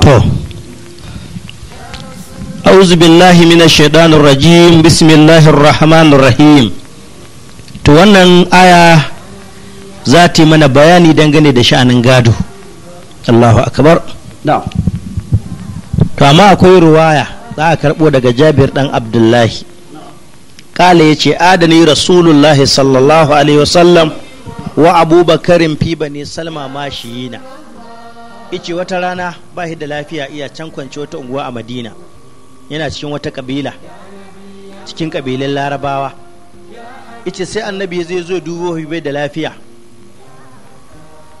to auzu billahi mina shaitanir rajim bismillahir rahmanir rahim to wannan aya za ta mana bayani dangane da sha'anin gado allahu akbar to amma akwai ruwaya za a karɓo daga jabir ɗan abdullahi ƙala yace adani rasulullahi sallallahu alaihi wasallam wa abubakarin fi bani salma mashiyina ice wata rana ba shi da lafiya iya can kwance wata unguwa a madina yana cikin wata kabila cikin kabilan larabawa ice sai annabi zai zo dubo shi bai da lafiya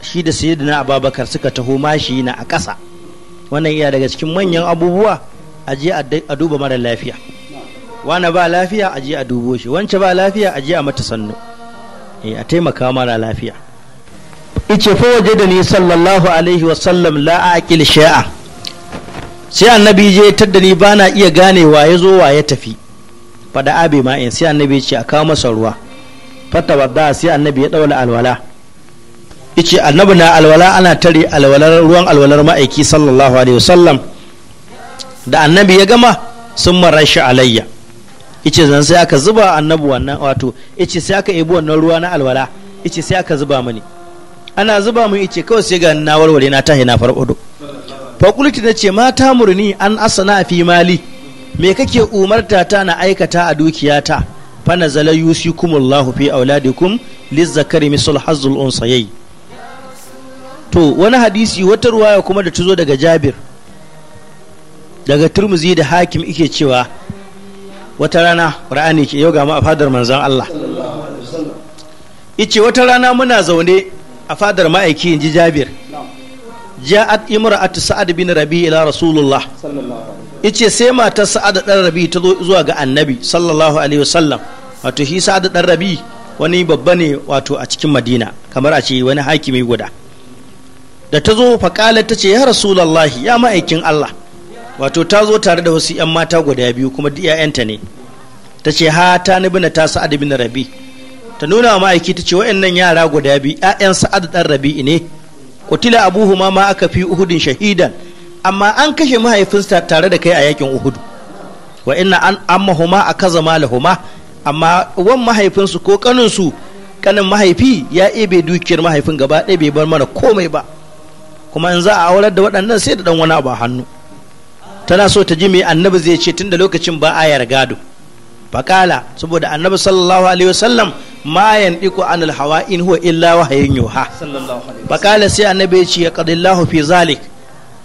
shi da sayyidina ababakar suka taho mashi na a ƙasa wannan iya daga cikin manyan abubuwa a je a duba mara lafiya wani ba lafiya a je a dubo shi wance ba lafiya a je a mata sannu eh, a taimaka mara lafiya ice fa waje da ni sallallahu alaihi wasallam la aqil sha'a sai annabi je tadda ni na iya gane wa ya zo wa ya tafi fada abi in sai annabi ya ce a kawo masa ruwa fata wadda sai annabi ya daula alwala ice annabi na alwala ana tare alwalar ruwan alwalar ma'aiki sallallahu alaihi wasallam da annabi ya gama sun marar shi alayya ice zan sai aka zuba annabi wannan wato ice sai aka ibi wannan ruwa na alwala ice sai aka zuba mani ana zuba mu ice kawai sai ga na warware na tahi na farfado fakulti na ce mata murni an asana fi mali me kake umarta ta na aikata a dukiyata fana zala yusikumullahu fi auladikum lizzakari misal hazzul unsayayi to wani hadisi wata ruwaya kuma da tuzo daga jabir daga turmuzi da hakim ike cewa wata rana ra'ani ke yau ga mu a fadar manzan Allah ice wata rana muna zaune a fadar ma'aiki in ji jabir ja'at imra'atu sa'ad bin rabi ila rasulullah ice sai matar sa'ad dan rabi ta zo zuwa ga annabi sallallahu alaihi wasallam wato shi sa'ad dan rabi wani babba ne wato a cikin madina kamar a ce wani hakimi guda da ta zo faƙala ta ce ya rasulallah ya ma'aikin allah wato ta zo tare da wasu 'yan mata guda biyu kuma duk 'ya'yanta ne ta ce ha ta ni bina ta sa'ad bin rabi ta nuna wa ma'aiki ta ce wa'annan yara guda biyu yayan sa'ad dan rabi'i ne kutila abu ma aka fi uhudin shahidan amma an kashe mahaifinsa tare da kai a yakin uhudu wa inna an ammahuma akaza huma amma wan mahaifinsu ko kaninsu kanin mahaifi ya ebe dukiyar mahaifin gaba ɗaya bai bar mana komai ba kuma in za a aurar da waɗannan sai da ɗan wani abu a hannu tana so ta ji mai annabi zai ce tun da lokacin ba a gado faƙala saboda annabi sallallahu alaihi wasallam Mayan yandiku anil hawa in huwa illa wahayin yuha bakala sai annabi ya ce ya qadillahu fi zalik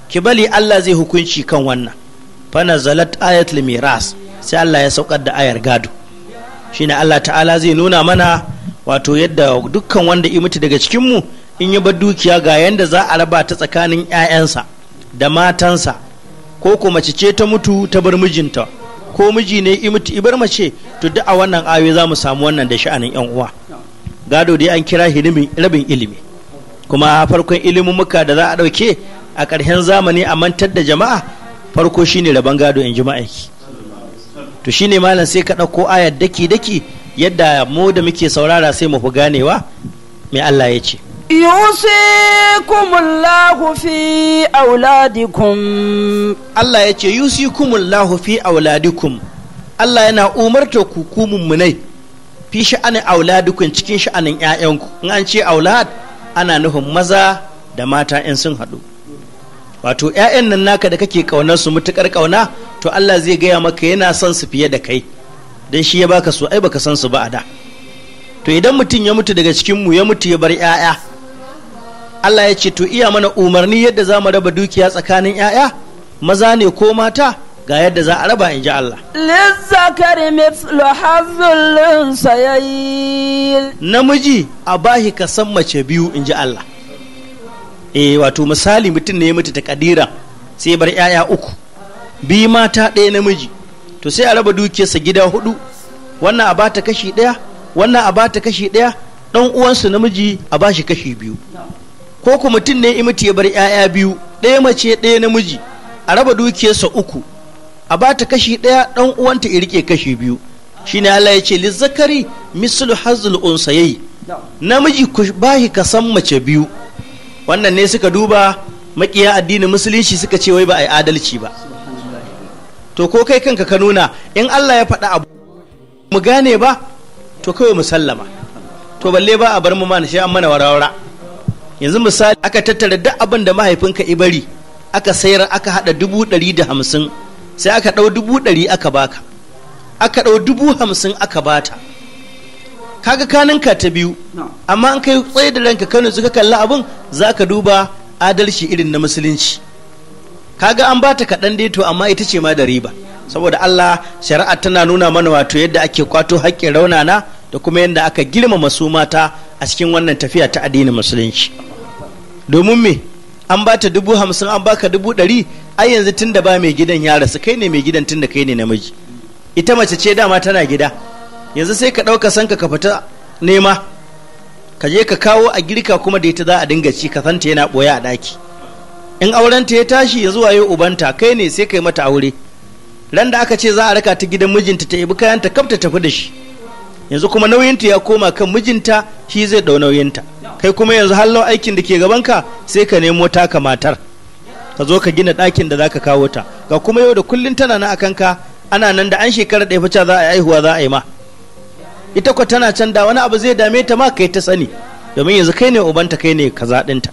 ki bali Allah zai hukunci kan wannan fa nazalat ayatul miras sai Allah ya saukar da ayar gado shine Allah ta'ala zai nuna mana wato yadda dukkan wanda i mutu daga cikin mu in ya bar dukiya ga yanda za a raba ta tsakanin 'ya'yansa da matansa ko kuma mace ta mutu ta bar mijinta ko miji ne imuti ibar mace to duk a wannan ayoyi za mu samu wannan da sha'anin yan uwa gado dai an kira hilimin rabin ilimi kuma farkon ilimin muka da za a ɗauke a ƙarshen zamani a mantar da jama'a farko shine rabon gado in ji ma'aiki to shine malam sai ka ɗauko ayar daki daki yadda mu da muke saurara sai mu fi ganewa mai Allah ya ce yusikumullahu fi auladikum Allah ya ce yusikumullahu fi auladikum Allah yana umarta ku ku mummunai fi sha'anin cikin sha'anin ƴaƴanku in an ce aulad ana nuhun maza da mata in sun haɗu wato yayan nan naka da kake ƙaunar su mutukar ƙauna to Allah zai gaya maka yana son su fiye da kai don shi ya baka so ai baka san su ba a da to idan mutum ya mutu daga cikin mu ya mutu ya bar ƴaƴa Allah ya ce to iya mana umarni yadda za mu raba dukiya tsakanin 'ya'ya maza ne ko mata ga yadda za a raba in ji Allah. Namiji a bahi ka san mace biyu in ji Allah. E, wato misali mutum ne ya mutu ta kadira sai bar 'ya'ya uku. Bi mata ɗaya namiji. To sai a raba dukiyarsa gida hudu. Wannan a bata kashi ɗaya, wannan a bata kashi ɗaya, ɗan uwansu namiji a bashi kashi biyu. ko ku mutum ne imiti ya bar 'ya'ya biyu ɗaya mace ɗaya namiji a raba dukiyarsa uku a ba ta kashi ɗaya ɗan uwanta ya riƙe kashi biyu shine Allah ya ce zakari mislu hazul unsayayi namiji ku bahi san mace biyu wannan ne suka duba makiya addinin musulunci suka ce wai ba a yi adalci ba to ko kai kanka ka nuna in Allah ya faɗa abu mu gane ba to kawai mu sallama to balle ba a bar mu ma na shi an mana warawara yanzu misali aka tattara duk abin da mahaifinka ibari aka sayar aka hada dubu ɗari da hamsin sai aka ɗau dubu ɗari aka baka aka ɗau dubu hamsin aka bata kaga ka ta biyu amma an kai tsaye da ranka kano suka kalla abin za ka duba adalci irin na musulunci kaga an bata kaɗan dai to amma ita ce ma da riba saboda Allah shari'a tana nuna mana wato yadda ake kwato haƙƙin raunana da kuma yadda aka girmama su mata a cikin wannan tafiya ta addinin musulunci domin me an ba ta dubu hamsin an baka dubu ɗari ai yanzu tun da ba mai gidan ya rasu kai ne mai gidan tun da kai ne namiji ita mace ce dama tana gida yanzu sai ka ɗauka sanka ka fita nema ka je ka kawo a girka kuma da ita za a dinga ci ka santa yana ɓoye a ɗaki in aurenta ya tashi ya zuwa yi ubanta kai ne sai kai mata aure ran da aka ce za a raka ta gidan mijinta ta ibi kayanta kaf ta tafi da shi yanzu kuma nauyinta ya koma kan mijinta shi zai ɗau nauyinta kai kuma yanzu hallon aikin da ke ka, sai ka nemo taka matar ka zo ka gina ɗakin da zaka kawo ta ga kuma yau da kullun tana na akan ka ana nan da an shekara ɗaya fice za a yi aihuwa za a yi ma ita ko tana can da wani abu zai dame ta ma kai ta sani domin yanzu kai ne ubanta kai ne kaza ɗinta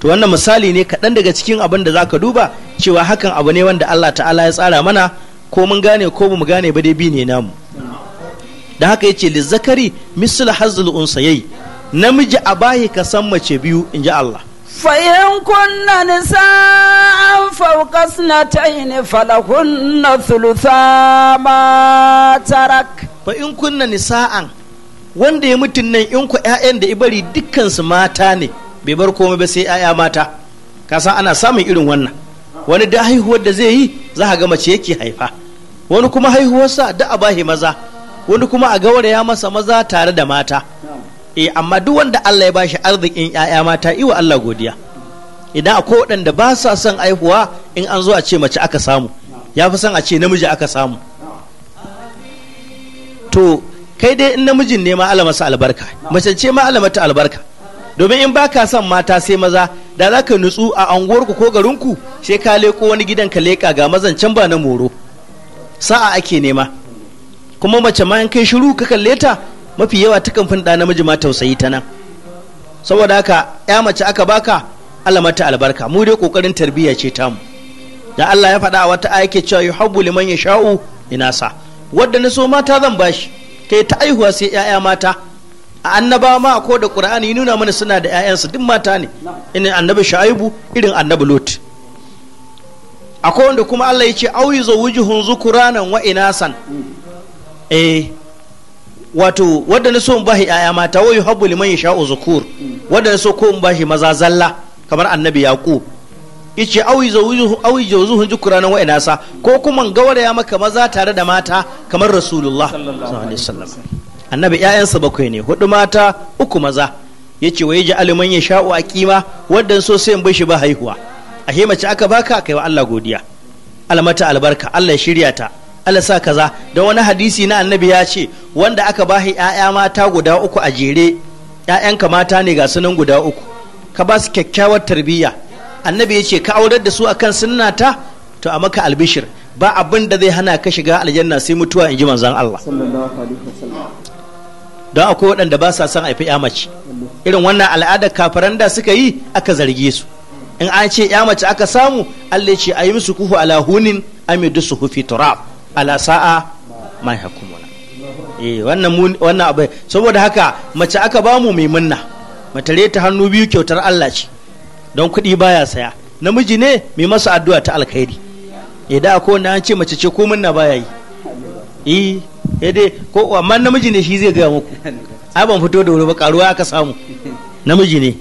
to wannan misali ne kaɗan daga cikin abin da zaka duba cewa hakan abu ne wanda Allah ta'ala ya tsara mana ko mun gane ko mu gane ba dai bi ne namu da haka yace li zakari misl hazl unsayai namiji a bayi ka san mace biyu in ji Allah kunna فإن كن نساء فوق اثنتين فلهن ثلثا Fa in kunna nisa an wanda ya mutun nan in ku ƴaƴan da ibari dukkan su mata ne bai bar komai ba sai ƴaƴa mata ka san ana samun irin wannan wani da haihuwar da zai yi za a ga mace yake haifa wani kuma haihuwarsa da a bahi maza wani kuma a ya masa maza tare da mata eh amma duk wanda Allah ya bashi arzikin ƴaƴa mata iwa Allah godiya idan akwai waɗanda ba sa son aihuwa in an zo a ce mace aka samu ya fi son a ce namiji aka samu to kai dai in namijin ne ma Allah masa albarka mace ce ma Allah mata albarka domin in baka son mata sai maza da za ka nutsu a anguwarku ko garinku sai ka leko wani gidan ka leka ga mazan can ba na moro sa'a ake nema kuma mace ma in kai shiru ka kalle ta mafi yawa ta kan ɗa namiji ma tausayi ta nan saboda haka ya mace aka baka Allah mata albarka mu dai kokarin tarbiyya ce tamu da Allah ya faɗa a wata aya yake cewa yuhabbu liman yasha'u inasa wanda na so mata zan bashi kai ta aihuwa sai ƴaƴa mata a annabawa ma ko da qur'ani nuna mana suna da ƴaƴansu duk mata ne irin annabi shu'aibu irin annabi lot akwai wanda kuma Allah ya ce au yuzawwijuhum zukuranan wa inasan eh wato wadda na so in bashi yaya mata wa yuhabbu liman yasha'u zukur wadda na so ko in bashi maza zalla kamar annabi yaqub yace awi zawuzu awi zawuzu jukura na wa'ina sa ko kuma gawaraya maka maza tare da mata kamar rasulullah sallallahu alaihi wasallam annabi ƴaƴansa bakwai ne hudu mata uku maza yace wa ji aliman ya sha'u a wadda so sai in bashi ba haihuwa a mace aka baka kai wa Allah godiya almata albarka Allah ya shirya ta Allah sa kaza da wani hadisi na annabi ya ce wanda aka bahi 'ya'ya mata guda uku a jere 'ya'yanka mata ne ga sunan guda uku ka ba su kyakkyawar tarbiyya annabi ya ce ka aurar da su a akan ta to a maka albishir ba abin da zai hana ka shiga aljanna sai mutuwa in ji manzon Allah don akwai waɗanda ba sa son haifi ya mace irin wannan al'adar kafaran da suka yi aka zarge su in an ce ya mace aka samu Allah ce a yi musu kuhu alahunin amidu su hufi turab ala sa'a mai hakumuna eh wannan wannan abai saboda haka mace aka bamu mai munna matare ta hannu biyu kyautar Allah ce don kuɗi baya saya namiji ne mai masa addu'a ta alkhairi eh da ko wanda an ce mace ce ko munna baya yi eh, eh dai ko amma namiji ne shi zai gaya muku ai ban fito da wuri ba karuwa aka samu namiji ne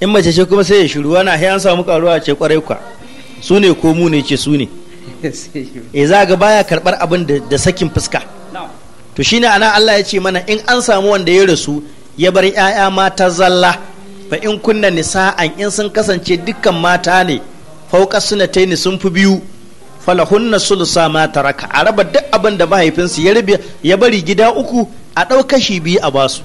in mace ce kuma sai ya shiru wani an samu karuwa ce kwarai kwa su ne ko mu ne ce su ne eh za ga baya karbar abin da sakin fuska to shine ana Allah ya ce mana in an samu wanda ya rasu ya bar 'ya'ya mata zalla fa in kunna nisa'an in sun kasance dukkan mata ne fauka suna taini sun fi biyu falahunna sulusa ma taraka a raba duk abin da mahaifinsu ya rabi ya bari gida uku a ɗauka shi biyu a basu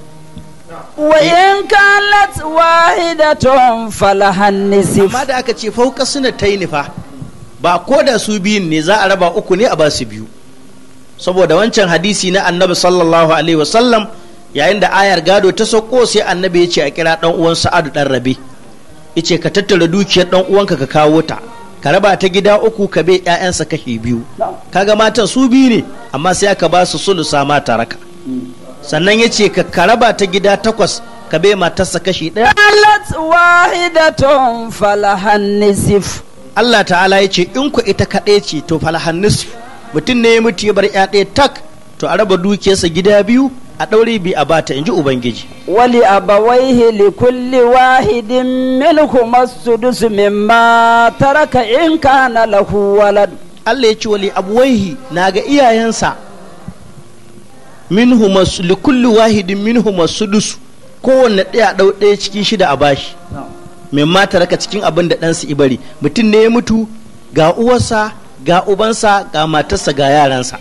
wa eh. kalat wahidatun falahan nisif amma da aka ce fauka suna taini fa ba ko da su biyun ne za a raba uku ne a ba su biyu saboda wancan hadisi na annabi sallallahu alaihi wasallam yayin da ayar gado ta sauko sai annabi ya ce a kira dan uwan sa'adu dan rabe yace ka tattara dukiyar dan uwanka ka kawo ta ka raba ta gida uku ka bai ƴaƴansa kashi biyu kaga matan su biyu ne amma sai aka ba su sulusa mata raka sannan yace ka ka raba ta gida takwas ka bai matarsa kashi ɗaya. Alat wahidatun falahan nisif. Allah ta'ala ya ce in ku ita kaɗai ce to falahan mutum ne ya mutu ya bar ya ɗaya tak to a raba dukiyarsa gida biyu a ɗaure bi a bata in ji ubangiji wali abawaihi li kulli wahidin milhum as-sudus mimma taraka in kana lahu walad Allah ya ce wali abawaihi na ga iyayensa minhum li kulli wahidin minhum as-sudus kowanne ɗaya ɗau ɗaya cikin shida a bashi no. mai mata raka cikin abin da ɗansa ibari mutum ne ya mutu ga uwarsa ga ubansa ga matarsa ga yaransa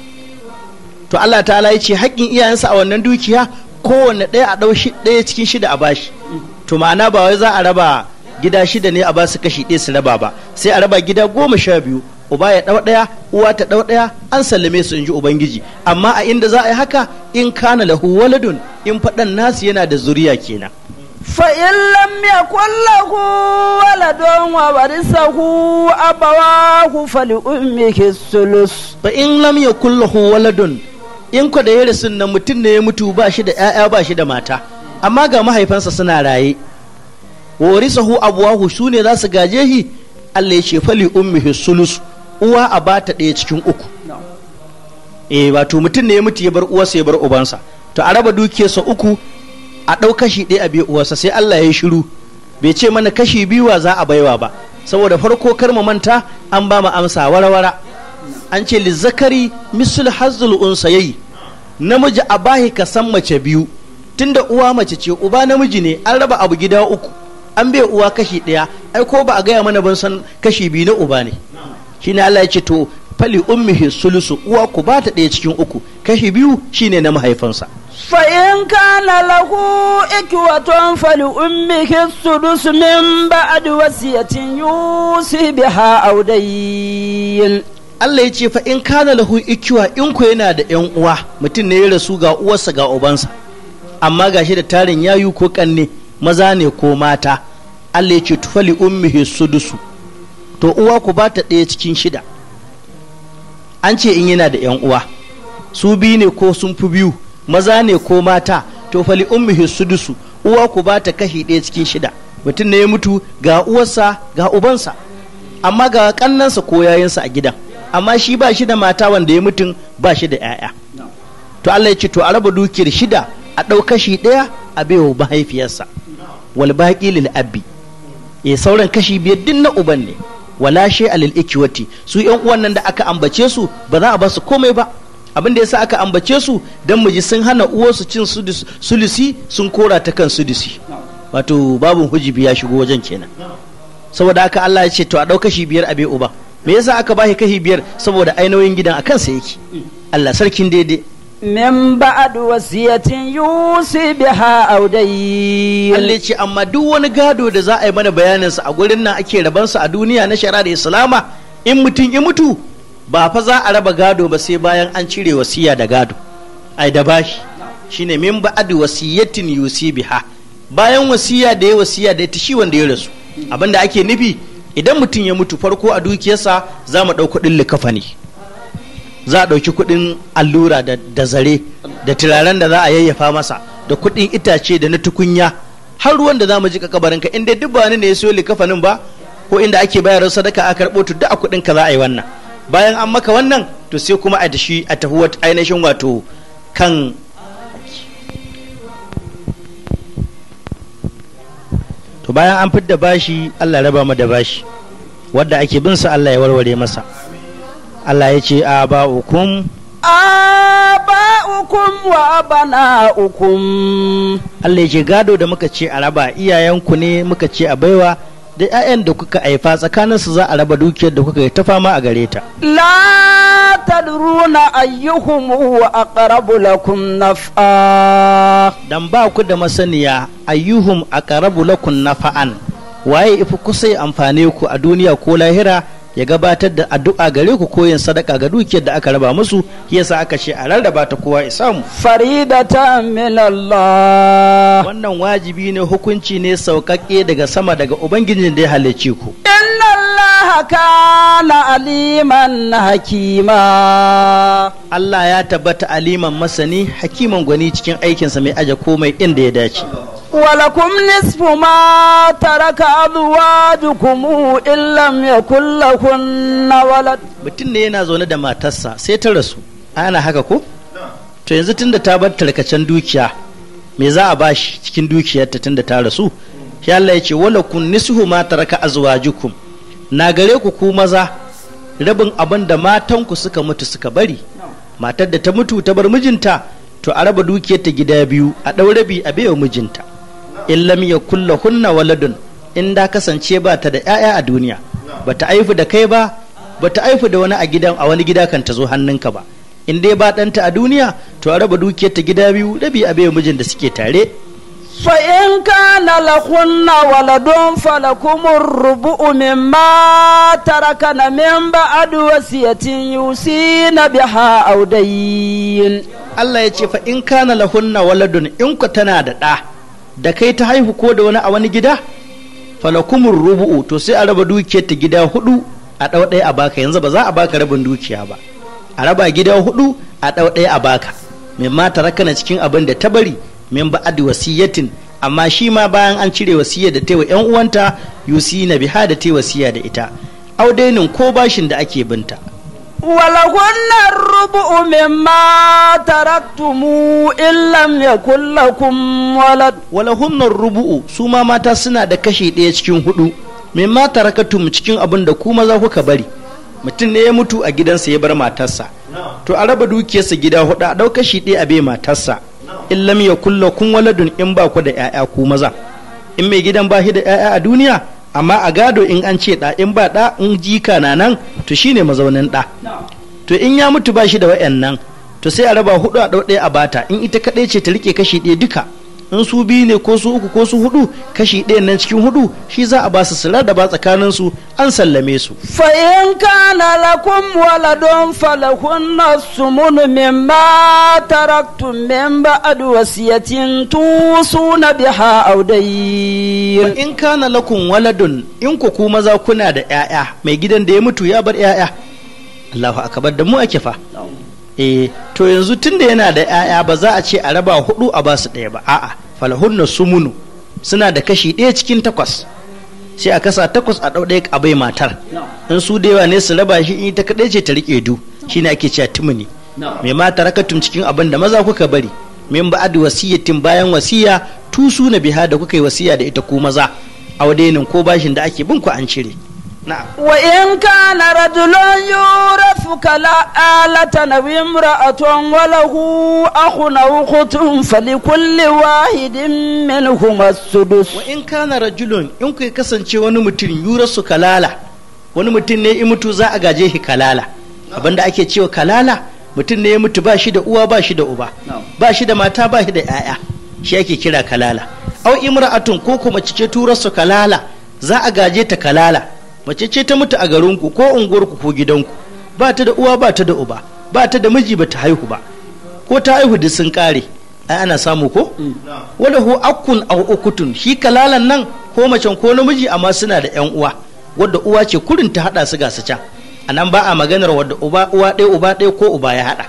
to Allah ta'ala ya ce haƙƙin iyayensa a wannan dukiya kowanne ɗaya a ɗau ɗaya cikin shida a bashi to ma'ana ba wai za a raba gida shida ne a basu kashi ɗaya su raba ba sai a raba gida goma sha biyu uba ya ɗau ɗaya uwa ta ɗau ɗaya an sallame su in ji ubangiji amma a inda za a yi haka in kana lahu waladun in faɗan nasu yana da zuriya kenan فإن لم يكن له ولد وورثه أبواه فلأمه الثلث فإن لم يكن له ولد in ko da ya rasu nan mutum ne ya mutu ba shi da 'ya'ya ba shi da mata amma ga mahaifansa suna raye warisahu abuwahu su ne za su gaje shi Allah ya ce fali ummihi sulus uwa a bata ɗaya cikin uku eh wato mutum ne ya mutu ya bar uwarsa ya bar ubansa to a raba dukiyarsa uku a ɗau kashi ɗaya a biyu uwarsa sai Allah ya yi shiru bai ce mana kashi biyu biyuwa za a baiwa ba saboda farko kar mu manta an ba mu amsa warawara an ce zakari misul hazzul unsayi namiji a bahi ka san mace biyu tunda uwa mace ce uba namiji ne an raba abu gida uku an bai uwa kashi ɗaya ai ko ba a gaya mana ban san kashi biyu na uba ne shine Allah ya ce to fali ummihi sulusu uwa ku ba ta ɗaya cikin uku kashi biyu shine na mahaifansa fa'in kana lahu ikiwaton fali ummihi sulusu min ba'ad wasiyatin yusi biha audayin Allah ya ce fa in kana lahu ikiwa in ku yana da yan uwa mutum ne ya rasu ga uwarsa ga ubansa amma gashi da tarin yayu ko kanne maza ne ko mata Allah ya ce tufali ummihi sudusu to uwa ku ba ta ɗaya cikin shida an ce in yana da yan uwa su biyu ne ko sun fi biyu maza ne ko mata to fali ummi hisudusu uwa ku ba ta kashi ɗaya cikin shida mutum ne ya mutu ga uwarsa ga ubansa amma ga kannansa ko yayinsa a gidan amma shi ba shi da mata wanda ya mutum ba shi da 'ya'ya to Allah ya ce to a raba dukiyar shida a ɗau kashi ɗaya a baiwa mahaifiyarsa wal baƙi lil abbi eh sauran kashi biyar din na uban ne wala shi alil ikiwati su yan uwan nan da aka ambace su ba za a ba su komai ba abin da yasa aka ambace su dan mu sun hana uwarsu cin sulusi sun kora ta kan sulusi wato babun hujibi ya shigo wajen kenan saboda haka Allah ya ce to a dauka shi biyar abe uba me yasa aka bashi kashi biyar saboda ainihin gidan akan kansa yake Allah sarkin daidai min ba'd wasiyatin yusi biha aw dayyin ce amma duk wani gado da za a yi mana bayanin sa a gurin nan ake raban sa a duniya na shari'a da islama in mutum ya mutu ba fa za a raba gado ba sai bayan an cire wasiya da gado ai da bashi shine min ba'd wasiyatin yusi biha bayan wasiya da ya wasiya da ita shi wanda ya rasu abinda ake nufi idan mutum ya mutu farko a dukiyarsa za mu ɗau kuɗin likafani za a ɗauki kuɗin allura da zare da turaren da za a yayyafa masa da kuɗin itace da na tukunya har ruwan da za mu jika kabarinka in dai duk ba ne ya siyo likafanin ba ko inda ake bayar sadaka a karɓo to duk a kuɗin ka za a yi wannan bayan an maka wannan to sai kuma a dashi a tafi wata ainihin wato kan to bayan an fidda bashi Allah raba mu da bashi wadda ake bin sa Allah ya warware masa Allah ya ce ba aba'ukum wa ukun. Allah ya ce gado da muka ce a raba iyayenku ne muka ce a baiwa da 'ya'yan da kuka haifa tsakaninsu za a raba dukiyar da kuka yi ta fama a gare ta la tadruna ayyuhum wa aqrabu lakum naf'a dan ba ku da masaniya ayyuhum aqrabu lakum nafa'an waye ifi kusa amfane ku a duniya ko lahira ya gabatar da addu'a gare ku koyin sadaka ga dukiyar da aka raba musu yasa aka ce a rarraba ta kowa isamu samu faridatan min Allah wannan wajibi ne hukunci ne sauƙaƙe daga sama daga ubangijin da ya halicce ku inna Allah kana aliman hakima Allah ya tabbata aliman masani hakiman gwani cikin aikinsa mai aje komai inda ya dace ولكم نصف ما ترك أزواجكم إن لم يكن لهن ولد mutum ne yana zaune da matarsa sai ta rasu ana haka ko to yanzu tunda ta bar tarkacen dukiya me za a bashi cikin dukiyarta tunda ta rasu shi Allah ya ce wala kun nisfu ma taraka azwajukum na gare ku ku maza rabin abin da matanku suka mutu suka bari matar da ta mutu ta bar mijinta to a raba dukiyarta gida biyu a ɗaurabi a baiwa mijinta in ya kulla lahunna waladun in da kasance ba ta da 'ya'ya a duniya ba ta aifu da kai ba ba ta aifu da wani a gidan a wani gida kan ta zo hannunka ba in dai ba ɗanta a duniya to a raba dukiyar ta gida biyu rabi a bai mijin da suke tare fa in kana lahunna waladun falakumur rubu'u mimma na min ba'd wasiyatin yusina biha audayin Allah ya ce fa in kana lahunna waladun in ku tana da ɗa da kai ta haihu ko da wani a wani gida falakumur rubu'u to sai a raba dukiyar ta gida hudu a ɗau ɗaya a baka yanzu ba za a baka rabin dukiya ba a raba gida hudu a ɗau ɗaya a baka min ma rakana cikin abin da ta bari min adi wasiyatin amma shi ma bayan an cire wasiya da ta wa yan uwanta yusi na biha da ta wasiya da ita audainin ko bashin da ake binta ولهن الربع مما تركتم إن لم يكن لكم ولد ولهن su ma mata suna da kashi ɗaya cikin hudu mimma mu cikin abin da ku maza kuka bari mutum ne ya mutu a gidansa ya bar matarsa to a raba dukiyarsa gida hudu a ɗau kashi ɗaya a bai matarsa in lam ya kulla kun waladun in ba ku da 'ya'ya ku maza in mai gidan ba shi da 'ya'ya a duniya amma a gado in an ce ɗa in ba ɗa in jika na nan to shi ne mazaunin ɗa to in ya mutu ba shi da wa'yan to sai a raba hudu a ɗau ɗaya a bata in ita kaɗai ce ta rike kashi ɗaya duka in su biyu ne ko su uku ko su hudu kashi ɗaya nan cikin hudu shi za a ba su sila da ba tsakanin su an sallame su fa in kana lakum waladun falahun min ba taraktum min ba'd wasiyatin tusuna biha aw in kana lakum waladun in ku ku na da ƴaƴa mai gidan da ya mutu ya bar ƴaƴa Allahu akbar da mu ake fa eh to yanzu tunda yana da 'ya'ya ba za a ce a raba hudu a ba su ɗaya ba a'a falahunna sumunu suna da kashi ɗaya cikin takwas sai a kasa takwas a ɗau ɗaya a bai matar in su da yawa ne su raba shi in ta kaɗai ce ta riƙe du shi ne ake cewa timini mai mata rakatun cikin abin da maza kuka bari min ba'ad tun bayan wasiya tusu na biha da kuka yi wasiya da ita ko maza a wadainin ko bashin da ake bin ku an cire نعم وإن كان رجل يورث كلالة أو امرأة وله أخ أو أخت فلكل واحد منهما السدس وإن كان رجل إن كسن شيء ونمتن يورث كلالة mutum ne mutu za a gaje shi kalala abinda ake cewa kalala mutum ne ya mutu ba shi da uwa ba shi da uba ba shi da mata ba shi da 'ya'ya shi ake kira kalala au imra'atun ko kuma cike turarsa kalala za a gaje ta kalala mace ce ta mutu a garinku ko unguwarku ko gidanku ba ta da uwa ba ta da uba ba ta da miji ba ta haihu ba ko ta haihu da sun kare ai ana samu ko wala hu akun aw ukutun shi kalalan nan ko macen ko namiji amma suna da yan uwa wadda uwa ce kurin ta hada su gasa can anan ba a maganar wadda uba uwa ɗaya uba ɗaya ko uba ya hada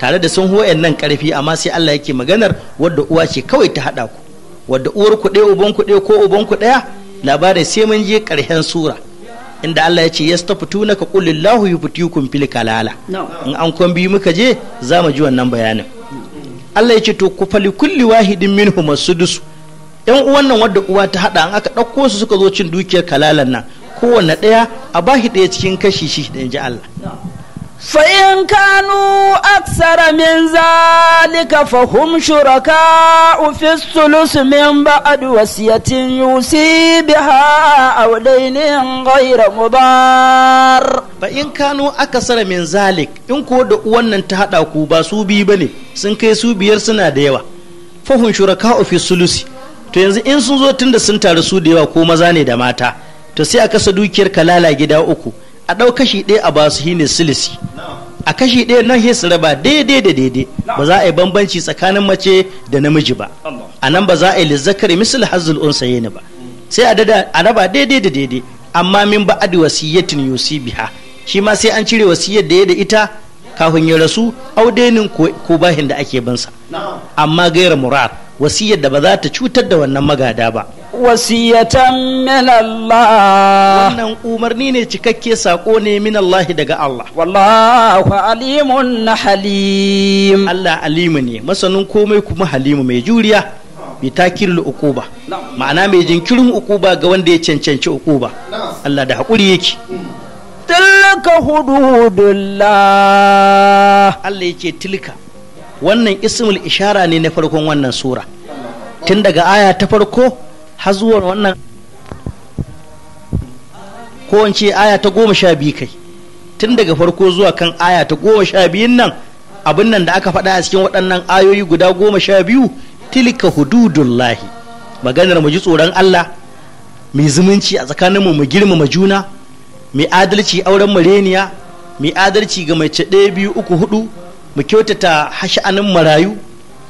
tare da sun hoyan nan karfi amma sai Allah yake maganar wadda uwa ce kawai ta hada ku wadda uwar ku ɗaya uban ku ɗaya ko uban ku ɗaya labarin sai mun je ƙarshen sura inda Allah ya ce tuna ka qulillahu yuftikum fil kalala in an kwan biyu muka je za mu ji wannan bayanin Allah ya ce to ku fali kulli wahidin minhum sudus yan uwan nan wadda uwa ta hada an aka ɗauko su suka zo cin dukiyar kalalan nan kowanne ɗaya a bashi ɗaya cikin kashi shi da ji Allah فإن كانوا أكثر من ذلك فهم شركاء في الثلث من بعد وصية يوصي بها أو دين غير مضار فإن كانوا min zalik, in إن da wannan ta hada ku ba su biyu bane sun kai su biyar suna da yawa fahun shuraka'u fi sulusi to yanzu in sun zo tunda sun taru su da yawa ko maza ne da mata to sai a kasa dukiyar kalala gida uku a ɗau kashi ɗaya a basu shine silisi a kashi ɗaya nan sai su raba daidai da daidai ba za a yi bambanci tsakanin mace da namiji ba a nan ba za a yi lizzakar misal unsa unsayni ba sai a dada a raba daidai da daidai amma min ba adi wasiyatin yusi biha shi ma sai an cire wasiyar da ya da ita kafin ya rasu audenin ko bahin da ake bansa amma gaira murar wasiyar da ba za ta cutar da wannan magada ba wasiyatan min Allah wannan umarni ne cikakke sako ne min Allah daga Allah wallahu alimun halim Allah alimu ne masanin komai kuma halimu mai juriya bi takirul uquba ma'ana mai jinkirin uquba ga wanda ya cancanci ukuba. Allah da hakuri yake tilka hududullah Allah yake tilka wannan ismul ishara ne na farkon wannan sura tun daga aya ta farko har zuwa wannan kowance aya ta goma sha biyu kai tun daga farko zuwa kan aya ta goma sha biyun nan abin nan da aka faɗa a cikin waɗannan ayoyi guda goma sha biyu hududun hududullahi maganar mu ji tsoron Allah mai zumunci a tsakanin mu mu girmama juna mai adalci auren mareniya mai adalci ga mai ɗaya biyu uku hudu mu kyautata hasha'anin marayu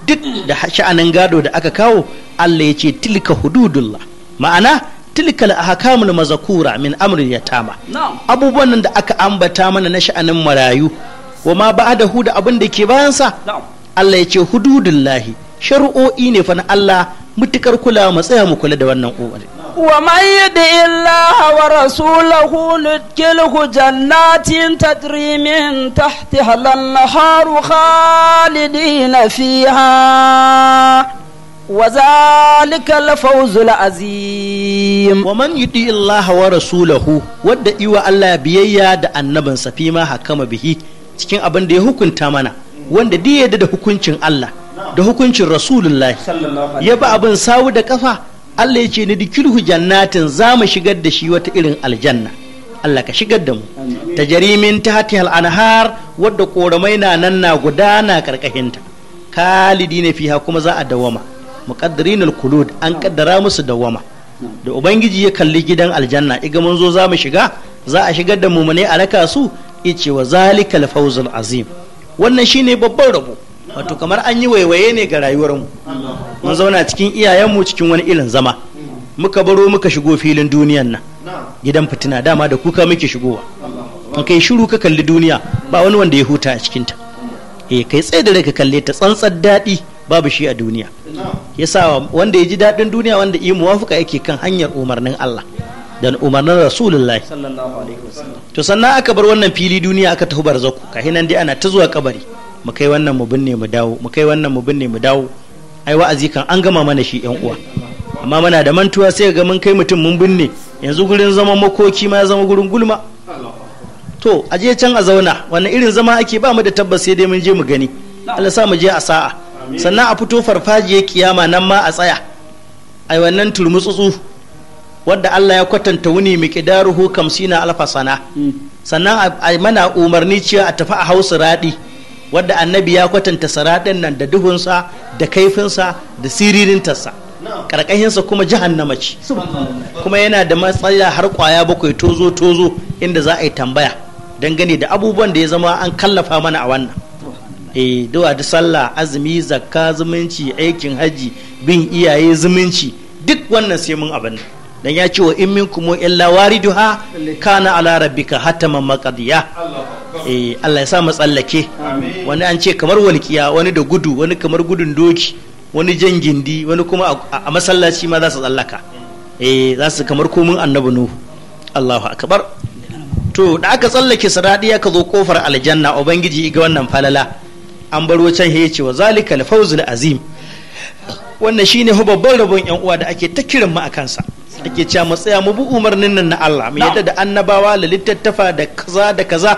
duk da sha'anin gado da aka kawo Allah ya ce tilka hududullah ma'ana tilka al-ahkamul mazkura min amri yatama abubuwan da aka ambata mana na sha'anin marayu wa ma ba'dahu da abin da ke bayansa Allah ya ce hududullahi shari'o'i ne fa na Allah matukar kula mu tsaya mu kula da wannan kokarin wa man yudi illaha wa rasulahu nudkilhu jannatin tajri min tahti al-nahar khalidin fiha wa zalika al-fawzul azim wa man yudi wa rasulahu wadda iwa Allah biyayya da annabin Safima hakama bihi cikin abin da ya hukunta mana wanda diye da hukuncin Allah da hukuncin rasulullahi ya ba abin sawu da kafa Allah ya ce ni dikilhu jannatin za mu shigar da shi wata irin aljanna Allah ka shigar da mu ta jarimin ta hati anhar wadda koramai na nan na gudana karkashinta kalidi ne fiha kuma za a dawama muqaddirin al-kulud an kaddara musu dawama da ubangiji ya kalli gidan aljanna iga mun zo za mu shiga za a shigar da mu ne a raka su ice wa zalikal fawzul azim wannan shine babban rabo wato kamar an yi waiwaye ne ga rayuwarmu mun zauna cikin iyayenmu cikin wani ilin zama muka baro muka shigo filin duniyan nan gidan fitina dama da kuka muke shigowa in kai shiru ka kalli duniya ba wani wanda ya huta a cikinta eh kai tsaye da ka kalle ta tsantsar daɗi babu shi a duniya yasa wanda ya ji daɗin duniya wanda yi muwafuka yake kan hanyar umarnin Allah dan umarnin rasulullahi to sannan aka bar wannan fili duniya aka tafi barzaku kahinan dai ana ta zuwa kabari mu kai wannan mu binne mu dawo mu kai wannan mu binne mu dawo ai wa'azi kan an gama mana shi yan uwa amma muna da mantuwa sai ga mun kai mutum mun binne yanzu gurin zama makoki ma ya zama gurin gulma to a je can a zauna wannan irin zama ake ba mu da tabbas sai dai mun je mu gani Allah sa mu je a sa'a sannan a fito farfajiyar kiyama nan ma a tsaya ai wannan turmutsutsu wadda Allah ya kwatanta wuni miqdaruhu kamsina alfa sana hmm. sannan a mana umarni cewa a tafi a hausu raɗi wadda annabi ya kwatanta saraɗin nan da duhunsa da kaifinsa da siririntarsa karkashinsa kuma na mace kuma yana da matsala har kwaya bakwai tozo tozo inda za a yi tambaya gani da abubuwan da ya zama an kallafa mana a wannan eh duwa da sallah azumi zakka zumunci aikin haji bin iyaye zumunci duk wannan sai mun abin nan dan ya ce wa in minkum illa wariduha kana ala rabbika hataman maqdiya eh Allah ya sa mu tsallake wani an ce kamar walkiya wani da gudu wani kamar gudun doki wani jan gindi wani kuma a masallaci ma za su tsallaka eh za su kamar komin annabi nuhu Allahu akbar to da aka tsallake saradi ka zo kofar aljanna ubangiji ga wannan falala an bar wacan ya ce wa zalika al-fawzul azim wannan shine babban rabon yan uwa da ake ta kiran mu a kansa ake cewa mu tsaya mu bi umarnin nan na Allah mu yadda da annabawa da littattafa da kaza da kaza